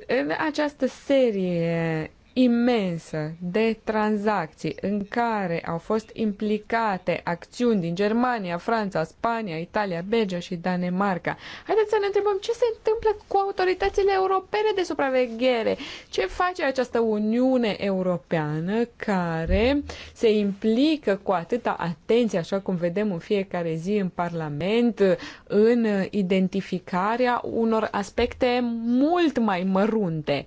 În această serie imensă de tranzacții în care au fost implicate acțiuni din Germania, Franța, Spania, Italia, Belgia și Danemarca. Haideți să ne întrebăm ce se întâmplă cu autoritățile europene de supraveghere. Ce face această Uniune Europeană care se implică cu atâta atenție, așa cum vedem în fiecare zi în Parlament, în identificarea unor aspecte mult mai mărunte?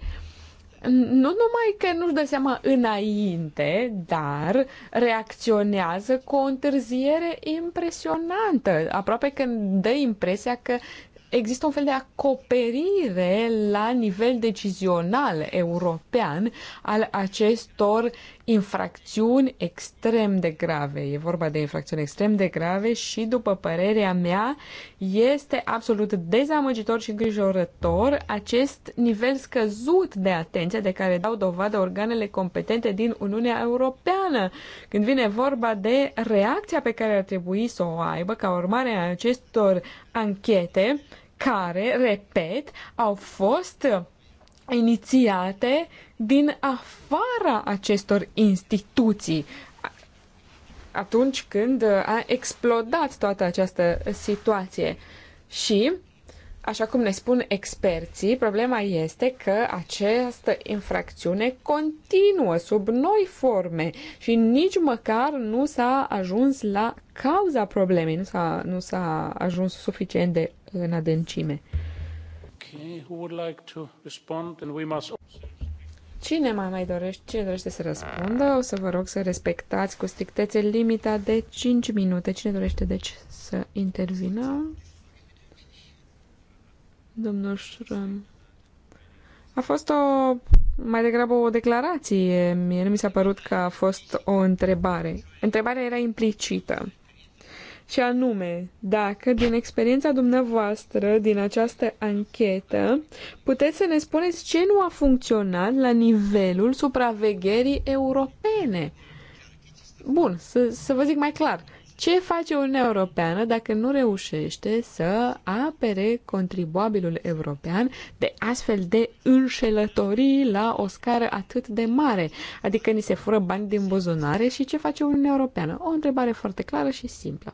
nu numai că nu-și dă seama înainte, dar reacționează cu o întârziere impresionantă, aproape că dă impresia că există un fel de acoperire la nivel decizional european al acestor infracțiuni extrem de grave. E vorba de infracțiuni extrem de grave și, după părerea mea, este absolut dezamăgitor și îngrijorător acest nivel scăzut de atenție de care dau dovadă organele competente din Uniunea Europeană când vine vorba de reacția pe care ar trebui să o aibă ca urmare a acestor anchete care, repet, au fost inițiate din afara acestor instituții atunci când a explodat toată această situație. Și, așa cum ne spun experții, problema este că această infracțiune continuă sub noi forme și nici măcar nu s-a ajuns la cauza problemei, nu s-a, nu s-a ajuns suficient de în adâncime. Cine mai mai dorește, cine dorește să răspundă, o să vă rog să respectați cu strictețe limita de 5 minute. Cine dorește, deci, să intervină? Domnul Șrâm. A fost o, mai degrabă o declarație. Mie nu mi s-a părut că a fost o întrebare. Întrebarea era implicită și anume, dacă din experiența dumneavoastră, din această anchetă, puteți să ne spuneți ce nu a funcționat la nivelul supravegherii europene. Bun, să, să vă zic mai clar. Ce face Uniunea Europeană dacă nu reușește să apere contribuabilul european de astfel de înșelătorii la o scară atât de mare? Adică ni se fură bani din buzunare și ce face Uniunea Europeană? O întrebare foarte clară și simplă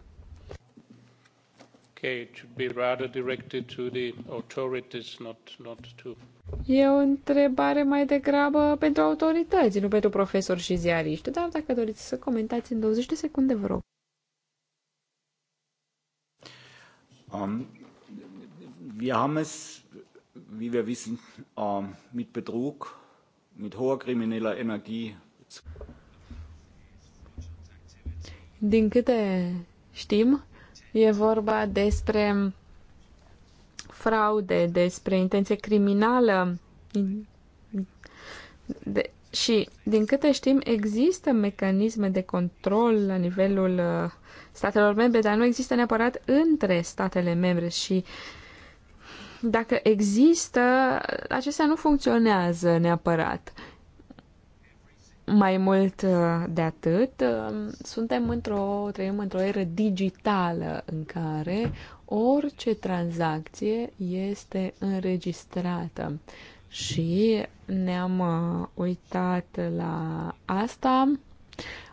okay, it should be rather directed to the authorities, not, not to... E o întrebare mai degrabă pentru autorități, nu pentru profesori și ziariști, dar dacă doriți să comentați în 20 de secunde, vă rog. Um, wir haben es, wie wir wissen, um, mit Betrug, mit hoher krimineller Energie. Din câte știm, E vorba despre fraude, despre intenție criminală. De, și, din câte știm, există mecanisme de control la nivelul uh, statelor membre, dar nu există neapărat între statele membre și dacă există, acestea nu funcționează neapărat. Mai mult uh, de atât, um, suntem într-o, trăim într-o eră digitală în care orice tranzacție este înregistrată și ne-am uh, uitat la asta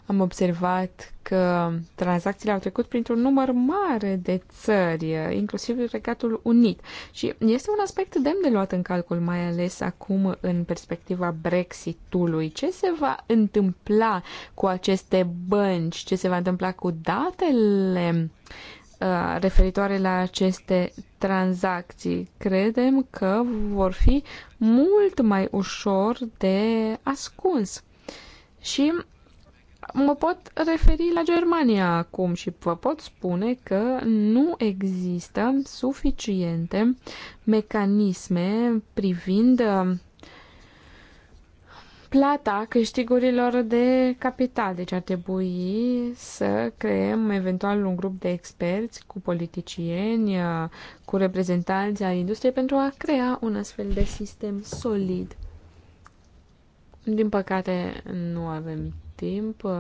am observat că tranzacțiile au trecut printr-un număr mare de țări, inclusiv Regatul Unit. Și este un aspect demn de luat în calcul, mai ales acum în perspectiva Brexitului. Ce se va întâmpla cu aceste bănci? Ce se va întâmpla cu datele uh, referitoare la aceste tranzacții. Credem că vor fi mult mai ușor de ascuns. Și Mă pot referi la Germania acum și vă pot spune că nu există suficiente mecanisme privind um, plata câștigurilor de capital. Deci ar trebui să creăm eventual un grup de experți cu politicieni, uh, cu reprezentanți ai industriei pentru a crea un astfel de sistem solid. Din păcate, nu avem timp. Uh,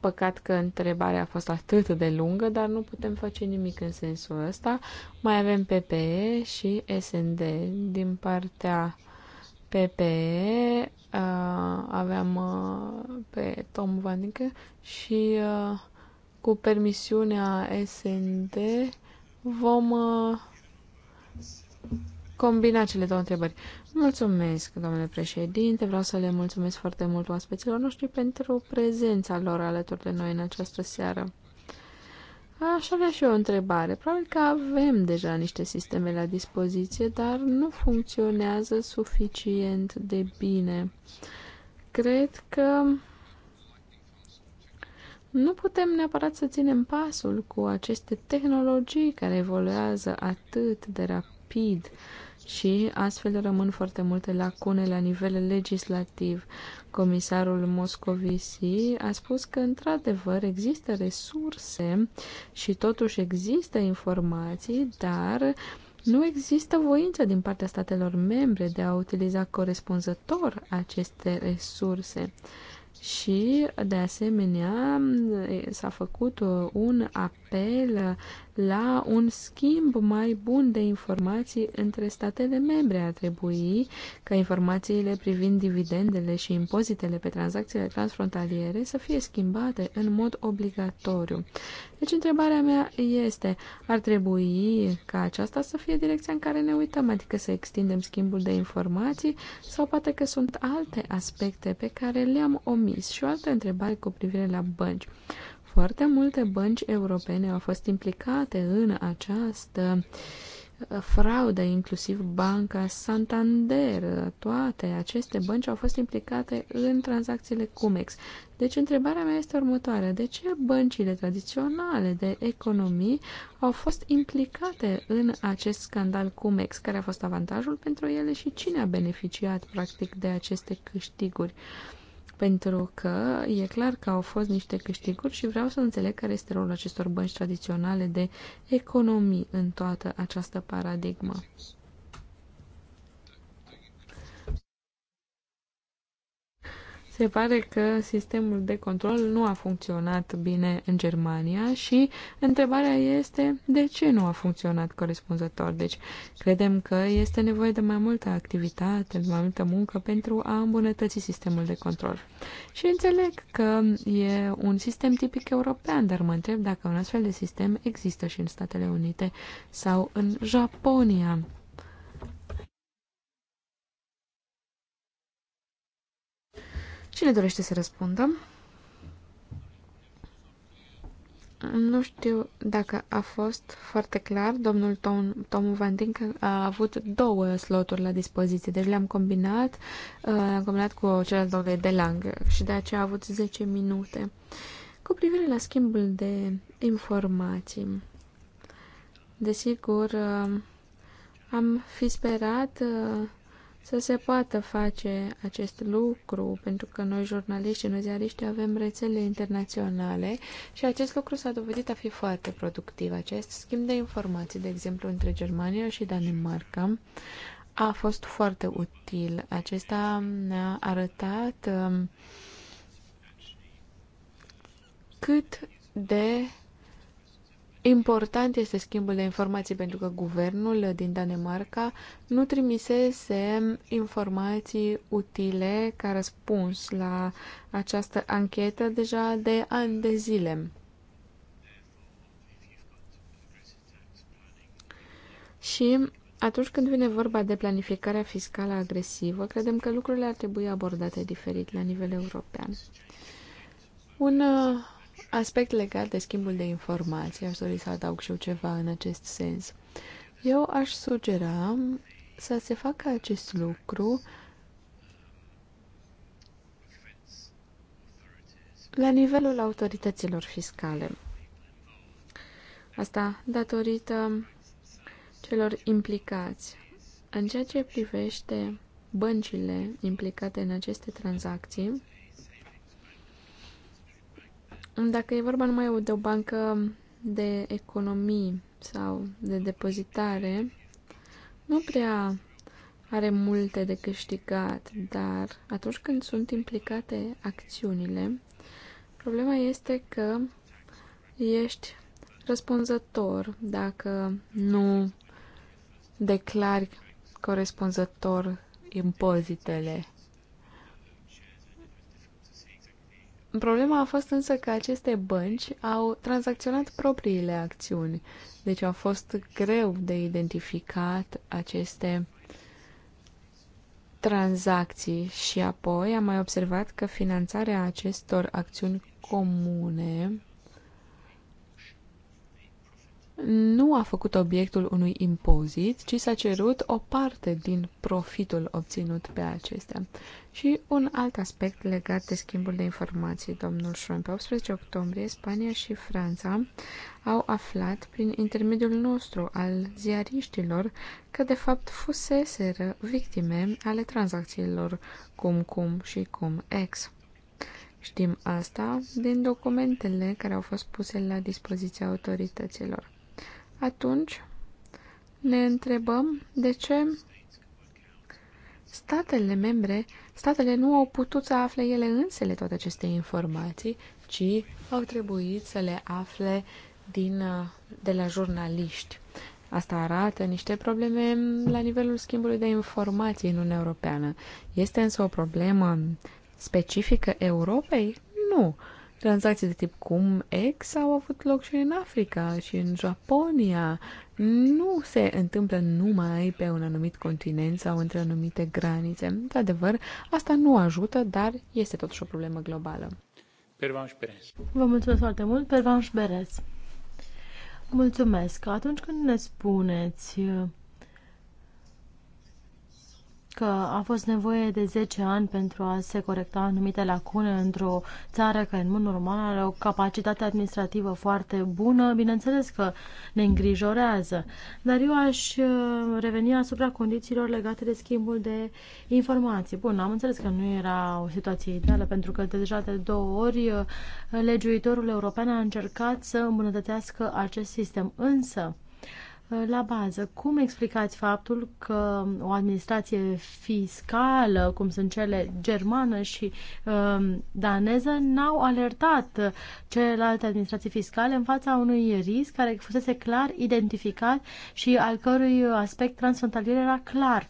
păcat că întrebarea a fost atât de lungă, dar nu putem face nimic în sensul ăsta. Mai avem PPE și SND. Din partea PPE uh, aveam uh, pe Tom Vanică și cu permisiunea SND vom combina cele două întrebări. Mulțumesc, domnule președinte, vreau să le mulțumesc foarte mult oaspeților noștri pentru prezența lor alături de noi în această seară. Aș avea și eu o întrebare. Probabil că avem deja niște sisteme la dispoziție, dar nu funcționează suficient de bine. Cred că nu putem neapărat să ținem pasul cu aceste tehnologii care evoluează atât de rapid și astfel rămân foarte multe lacune la nivel legislativ. Comisarul Moscovici a spus că, într-adevăr, există resurse și totuși există informații, dar nu există voință din partea statelor membre de a utiliza corespunzător aceste resurse. Și, de asemenea, s-a făcut uh, un apel apel la un schimb mai bun de informații între statele membre. Ar trebui ca informațiile privind dividendele și impozitele pe tranzacțiile transfrontaliere să fie schimbate în mod obligatoriu. Deci întrebarea mea este, ar trebui ca aceasta să fie direcția în care ne uităm, adică să extindem schimbul de informații sau poate că sunt alte aspecte pe care le-am omis. Și o altă întrebare cu privire la bănci. Foarte multe bănci europene au fost implicate în această uh, fraudă, inclusiv Banca Santander. Toate aceste bănci au fost implicate în tranzacțiile CUMEX. Deci întrebarea mea este următoarea. De ce băncile tradiționale de economii au fost implicate în acest scandal CUMEX? Care a fost avantajul pentru ele și cine a beneficiat practic de aceste câștiguri? pentru că e clar că au fost niște câștiguri și vreau să înțeleg care este rolul acestor bănci tradiționale de economii în toată această paradigmă. Se pare că sistemul de control nu a funcționat bine în Germania și întrebarea este de ce nu a funcționat corespunzător. Deci, credem că este nevoie de mai multă activitate, de mai multă muncă pentru a îmbunătăți sistemul de control. Și înțeleg că e un sistem tipic european, dar mă întreb dacă un astfel de sistem există și în Statele Unite sau în Japonia. Cine dorește să răspundă? Nu știu dacă a fost foarte clar. Domnul Tom, Tom Van Dink a avut două sloturi la dispoziție, deci le-am combinat, uh, le-am combinat cu celălalt domnul de lang și de aceea a avut 10 minute. Cu privire la schimbul de informații, desigur, uh, am fi sperat uh, să se poată face acest lucru, pentru că noi și noi ziariști avem rețele internaționale și acest lucru s-a dovedit a fi foarte productiv. Acest schimb de informații, de exemplu, între Germania și Danemarca, a fost foarte util. Acesta ne-a arătat um, cât de Important este schimbul de informații pentru că guvernul din Danemarca nu trimisese informații utile ca răspuns la această anchetă deja de ani de zile. Și atunci când vine vorba de planificarea fiscală agresivă, credem că lucrurile ar trebui abordate diferit la nivel european. Un uh, aspect legat de schimbul de informații, aș dori să adaug și eu ceva în acest sens. Eu aș sugera să se facă acest lucru la nivelul autorităților fiscale. Asta datorită celor implicați. În ceea ce privește băncile implicate în aceste tranzacții, dacă e vorba numai de o bancă de economii sau de depozitare, nu prea are multe de câștigat, dar atunci când sunt implicate acțiunile, problema este că ești răspunzător dacă nu declari corespunzător impozitele. Problema a fost însă că aceste bănci au tranzacționat propriile acțiuni, deci a fost greu de identificat aceste tranzacții și apoi am mai observat că finanțarea acestor acțiuni comune nu a făcut obiectul unui impozit, ci s-a cerut o parte din profitul obținut pe acestea. Și un alt aspect legat de schimbul de informații, domnul Schrum. Pe 18 octombrie, Spania și Franța au aflat prin intermediul nostru al ziariștilor că de fapt fuseseră victime ale tranzacțiilor cum cum și cum ex. Știm asta din documentele care au fost puse la dispoziția autorităților atunci ne întrebăm de ce statele membre, statele nu au putut să afle ele însele toate aceste informații, ci au trebuit să le afle din, de la jurnaliști. Asta arată niște probleme la nivelul schimbului de informații în Uniunea Europeană. Este însă o problemă specifică Europei? Nu. Tranzacții de tip cum ex au avut loc și în Africa și în Japonia. Nu se întâmplă numai pe un anumit continent sau între anumite granițe. Într-adevăr, asta nu ajută, dar este totuși o problemă globală. Pervanș Perez. Vă mulțumesc foarte mult, Pervanș Beres. Mulțumesc. Atunci când ne spuneți că a fost nevoie de 10 ani pentru a se corecta anumite lacune într-o țară care, în mod normal, are o capacitate administrativă foarte bună. Bineînțeles că ne îngrijorează, dar eu aș uh, reveni asupra condițiilor legate de schimbul de informații. Bun, am înțeles că nu era o situație ideală, pentru că deja de două ori uh, legiuitorul european a încercat să îmbunătățească acest sistem. Însă, Uh, la bază. Cum explicați faptul că o administrație fiscală, cum sunt cele germană și uh, daneză, n-au alertat celelalte administrații fiscale în fața unui risc care fusese clar identificat și al cărui aspect transfrontalier era clar?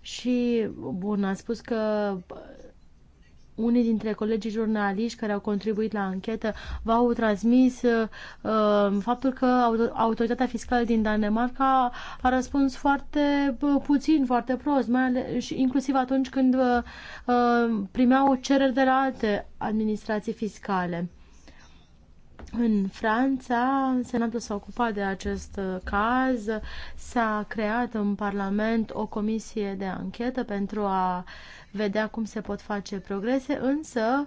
Și, bun, a spus că unii dintre colegii jurnaliști care au contribuit la anchetă v-au transmis uh, uh faptul că autoritatea fiscală din Danemarca a răspuns foarte uh, puțin, foarte prost, mai ales, inclusiv atunci când uh, uh, primeau cereri de la alte administrații fiscale. În Franța, Senatul s-a ocupat de acest caz, s-a creat în Parlament o comisie de anchetă pentru a uh, vedea cum se pot face progrese, însă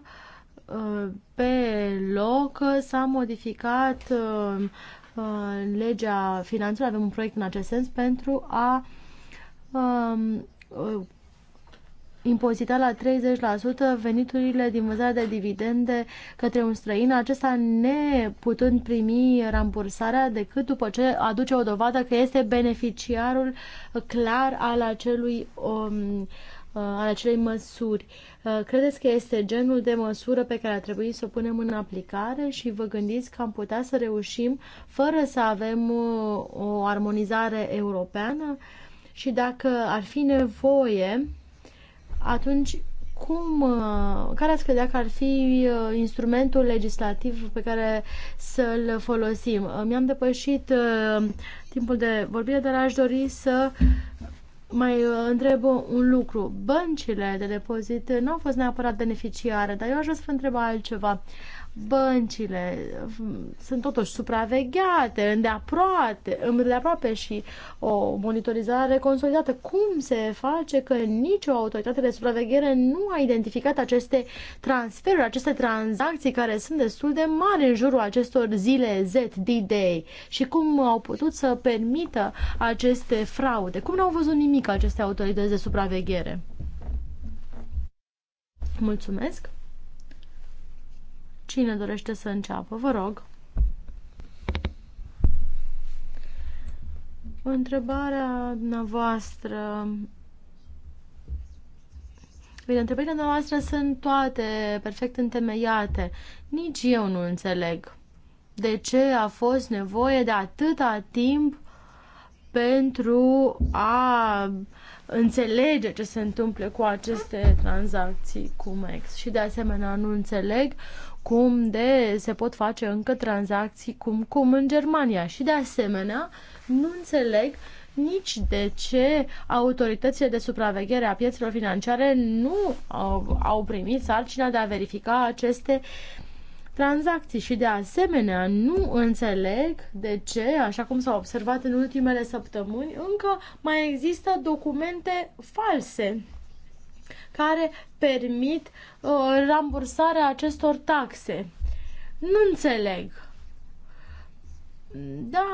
uh, pe loc s-a modificat uh, uh, legea finanțelor, avem un proiect în acest sens, pentru a um, impozita la 30% veniturile din vânzarea de dividende către un străin, acesta ne putând primi rambursarea decât după ce aduce o dovadă că este beneficiarul clar al acelui um, Uh, al acelei măsuri. Uh, credeți că este genul de măsură pe care ar trebui să o punem în aplicare și vă gândiți că am putea să reușim fără să avem uh, o armonizare europeană? Și dacă ar fi nevoie, atunci cum, care ați credea că ar fi instrumentul legislativ pe care să-l folosim? Mi-am depășit timpul de vorbire, dar aș dori să mai uh, întreb un lucru. Băncile de depozit nu au fost neapărat beneficiare, dar eu aș vrea să vă întreb altceva băncile sunt totuși supravegheate, îndeaproape, îndeaproape și o monitorizare consolidată. Cum se face că nicio autoritate de supraveghere nu a identificat aceste transferuri, aceste tranzacții care sunt destul de mari în jurul acestor zile d day și cum au putut să permită aceste fraude? Cum n-au văzut nimic aceste autorități de supraveghere? Mulțumesc! Cine dorește să înceapă? Vă rog. Întrebarea dumneavoastră Bine, întrebările noastre sunt toate perfect întemeiate. Nici eu nu înțeleg de ce a fost nevoie de atâta timp pentru a înțelege ce se întâmplă cu aceste tranzacții cu MEX. Și de asemenea nu înțeleg uh, cum de se pot face încă tranzacții cum cum în Germania. Și de asemenea, nu înțeleg nici de ce autoritățile de supraveghere a piețelor financiare nu au, au primit sarcina de a verifica aceste tranzacții și de asemenea nu înțeleg de ce, așa cum s-a observat în ultimele săptămâni, încă mai există documente false care permit uh, rambursarea acestor taxe. Nu înțeleg. Da,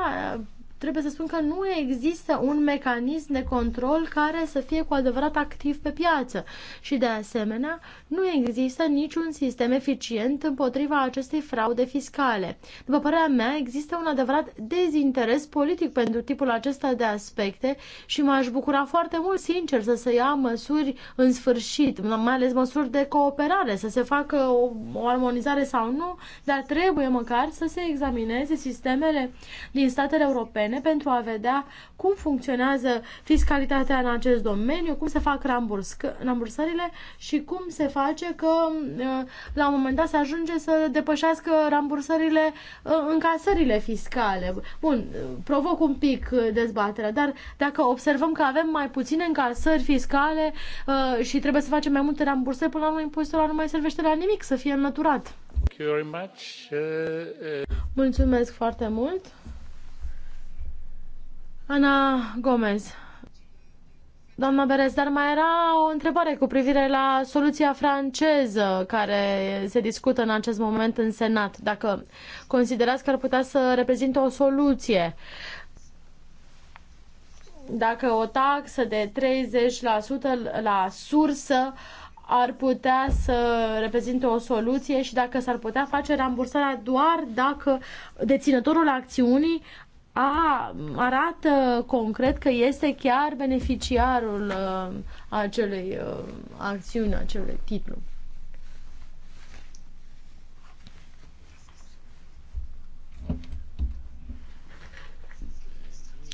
trebuie să spun că nu există un mecanism de control care să fie cu adevărat activ pe piață și de asemenea nu există niciun sistem eficient împotriva acestei fraude fiscale. După părerea mea, există un adevărat dezinteres politic pentru tipul acesta de aspecte și m-aș bucura foarte mult, sincer, să se ia măsuri în sfârșit, mai ales măsuri de cooperare, să se facă o, o armonizare sau nu, dar trebuie măcar să se examineze sistemele din statele europene Europene pentru a vedea cum funcționează fiscalitatea în acest domeniu, cum se fac ramburs, rambursările și cum se face că uh, la un moment dat se ajunge să depășească rambursările uh, încasările fiscale. Bun, provoc un pic uh, dezbaterea, dar dacă observăm că avem mai puține încasări fiscale și trebuie să facem mai multe rambursări, până la urmă impozitul nu mai servește la nimic să fie înlăturat. Mulțumesc foarte mult! Ana Gomez. Doamna Berez, dar mai era o întrebare cu privire la soluția franceză care se discută în acest moment în Senat. Dacă considerați că ar putea să reprezinte o soluție, dacă o taxă de 30% la sursă ar putea să reprezinte o soluție și dacă s-ar putea face rambursarea doar dacă deținătorul acțiunii a, arată concret că este chiar beneficiarul uh, acelei uh, acțiuni, acelui titlu.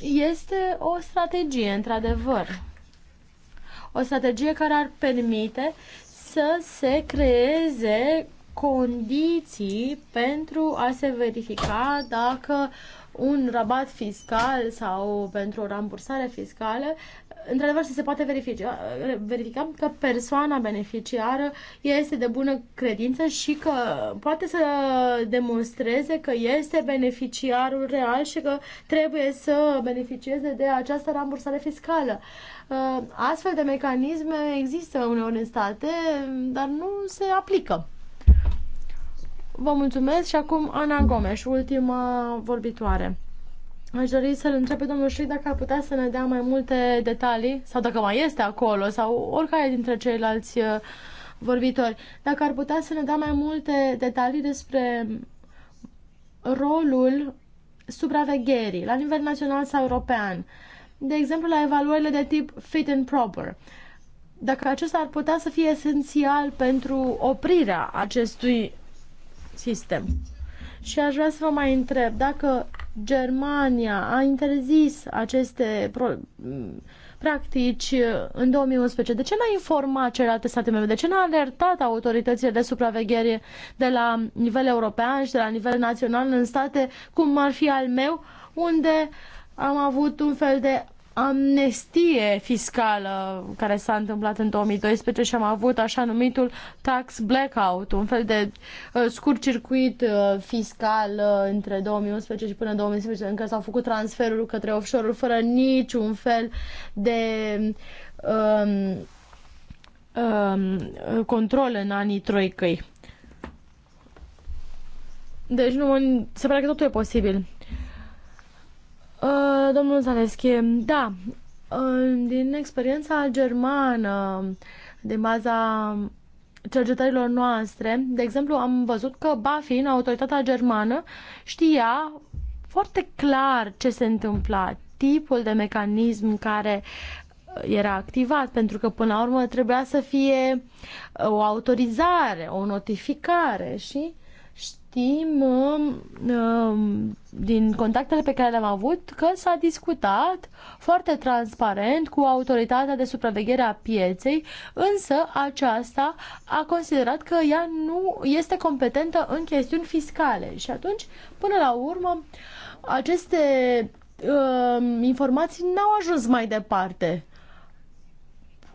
Este o strategie, într-adevăr. O strategie care ar permite să se creeze condiții pentru a se verifica dacă uh, un rabat fiscal sau pentru o rambursare fiscală, într-adevăr se poate verifica, verifica că persoana beneficiară este de bună credință și că poate să demonstreze că este beneficiarul real și că trebuie să beneficieze de această rambursare fiscală. Astfel de mecanisme există uneori în state, dar nu se aplică. Vă mulțumesc și acum Ana Gomes, ultima vorbitoare. Aș dori să-l întreb pe domnul Șric dacă ar putea să ne dea mai multe detalii sau dacă mai este acolo sau oricare dintre ceilalți uh, vorbitori. Dacă ar putea să ne dea mai multe detalii despre rolul supravegherii la nivel național sau european. De exemplu, la evaluările de tip fit and proper. Dacă acesta ar putea să fie esențial pentru oprirea acestui sistem. Și aș vrea să vă mai întreb dacă Germania a interzis aceste pro- practici uh, în 2011. De ce n-a informat celelalte state membre? De ce n-a alertat autoritățile de supraveghere de la nivel european și de la nivel național în state cum ar fi al meu, unde am avut un fel de amnestie fiscală care s-a întâmplat în 2012 și am avut așa numitul tax blackout, un fel de uh, scurt circuit uh, fiscal uh, între 2011 și până 2012 în s-au făcut transferuri către offshore-uri fără niciun fel de um, um, control în anii troicăi. Deci nu, se pare că totul e posibil. Uh, domnul Zaleschi, da, uh, din experiența germană, de baza cercetărilor noastre, de exemplu, am văzut că Bafin, autoritatea germană, știa foarte clar ce se întâmpla, tipul de mecanism care uh, era activat, pentru că până la urmă trebuia să fie uh, o autorizare, o notificare și Știm um, um, din contactele pe care le-am avut că s-a discutat foarte transparent cu autoritatea de supraveghere a pieței, însă aceasta a considerat că ea nu este competentă în chestiuni fiscale și atunci, până la urmă, aceste um, informații n-au ajuns mai departe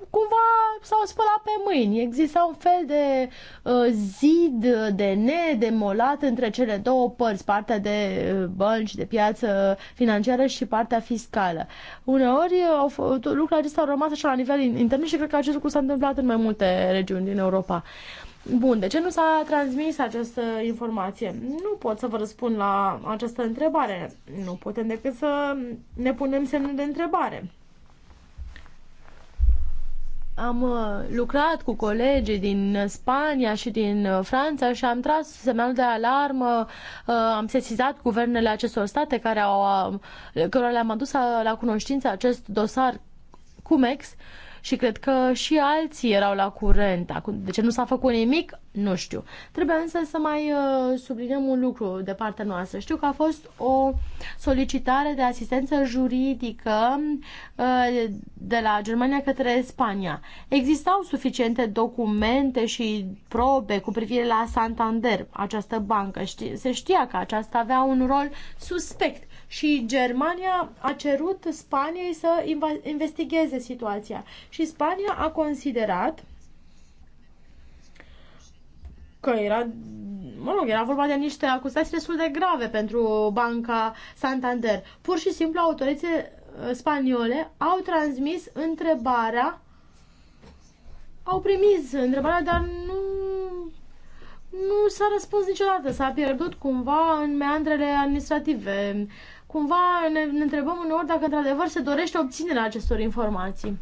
cumva s-au spălat pe mâini. Exista un fel de uh, zid de nedemolat între cele două părți, partea de uh, bănci, de piață financiară și partea fiscală. Uneori uh, au uh, lucrurile acestea au rămas așa la nivel intern și cred că acest lucru s-a întâmplat în mai multe regiuni din Europa. Bun, de ce nu s-a transmis această informație? Nu pot să vă răspund la această întrebare. Nu putem decât să ne punem semne de întrebare am uh, lucrat cu colegii din uh, Spania și din uh, Franța și am tras semnal de alarmă, am sesizat guvernele acestor state care au, cărora le-am adus la cunoștință acest dosar CUMEX și cred că și alții erau la curent. Acum, de ce nu s-a făcut nimic? Nu știu. Trebuie însă să mai uh, subliniem un lucru de partea noastră. Știu că a fost o solicitare de asistență juridică uh, de la Germania către Spania. Existau suficiente documente și probe cu privire la Santander, această bancă. Se știa că aceasta avea un rol suspect și Germania a cerut Spaniei să investigheze situația și Spania a considerat că era, mă rog, era vorba de niște acuzații destul de grave pentru Banca Santander. Pur și simplu autoritățile uh, spaniole au transmis întrebarea au primit întrebarea, dar nu nu s-a răspuns niciodată, s-a pierdut cumva în meandrele administrative cumva ne, ne întrebăm uneori dacă într-adevăr se dorește obținerea acestor informații.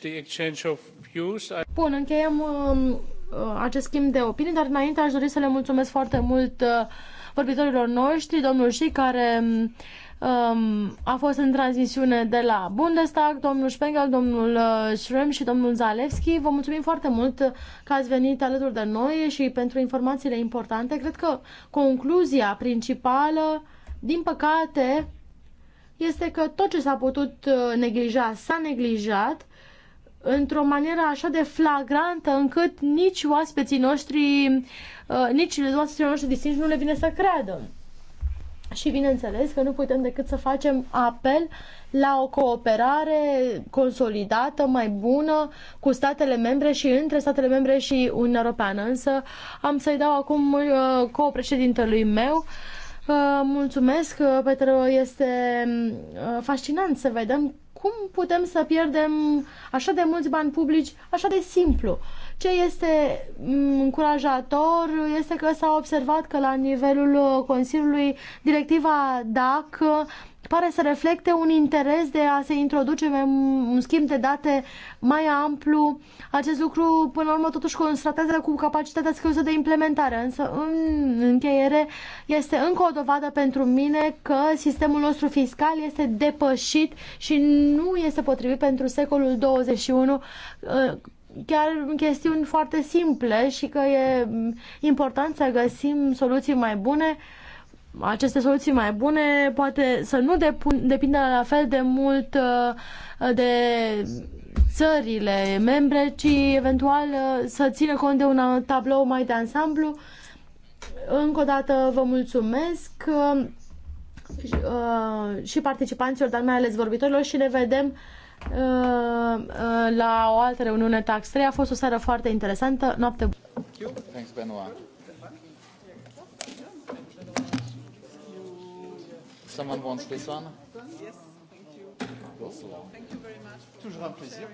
the exchange of views. Bun, încheiem um, uh, acest schimb de opinii, dar înainte aș dori să le mulțumesc foarte mult uh, vorbitorilor noștri, domnul și care um, a fost în transmisiune de la Bundestag, domnul Spengel, domnul uh, Schrem și domnul Zalewski. Vă mulțumim foarte mult uh, că ați venit alături de noi și pentru informațiile importante. Cred că concluzia principală din păcate, este că tot ce s-a putut uh, neglija s-a neglijat într-o manieră așa de flagrantă încât nici oaspeții noștri, uh, nici oaspeții noștri distinși nu le vine să creadă. Și bineînțeles că nu putem decât să facem apel la o cooperare consolidată, mai bună cu statele membre și între statele membre și Uniunea Europeană. Însă am să-i dau acum uh, co-președintelui meu uh, mulțumesc, Petru, este uh, fascinant să vedem cum putem să pierdem așa de mulți bani publici, așa de simplu. Ce este mm, încurajator este că s-a observat că la nivelul Consiliului directiva DAC pare să reflecte un interes de a se introduce un schimb de date mai amplu. Acest lucru, până la urmă, totuși constatează cu capacitatea scăzută de implementare, însă în încheiere este încă o dovadă pentru mine că sistemul nostru fiscal este depășit și nu este potrivit pentru secolul 21 uh, chiar chestiuni foarte simple și că e important să găsim soluții mai bune aceste soluții mai bune poate să nu depindă la fel de mult uh, de țările membre, ci eventual uh, să țină cont de un tablou mai de ansamblu. Încă o dată vă mulțumesc uh, și participanților, dar mai ales vorbitorilor și ne vedem la o altă reuniune tax 3. A fost o seară foarte interesantă. Noapte bună! someone wants this one? Yes, thank you. Thank you very much. Toujours un plaisir.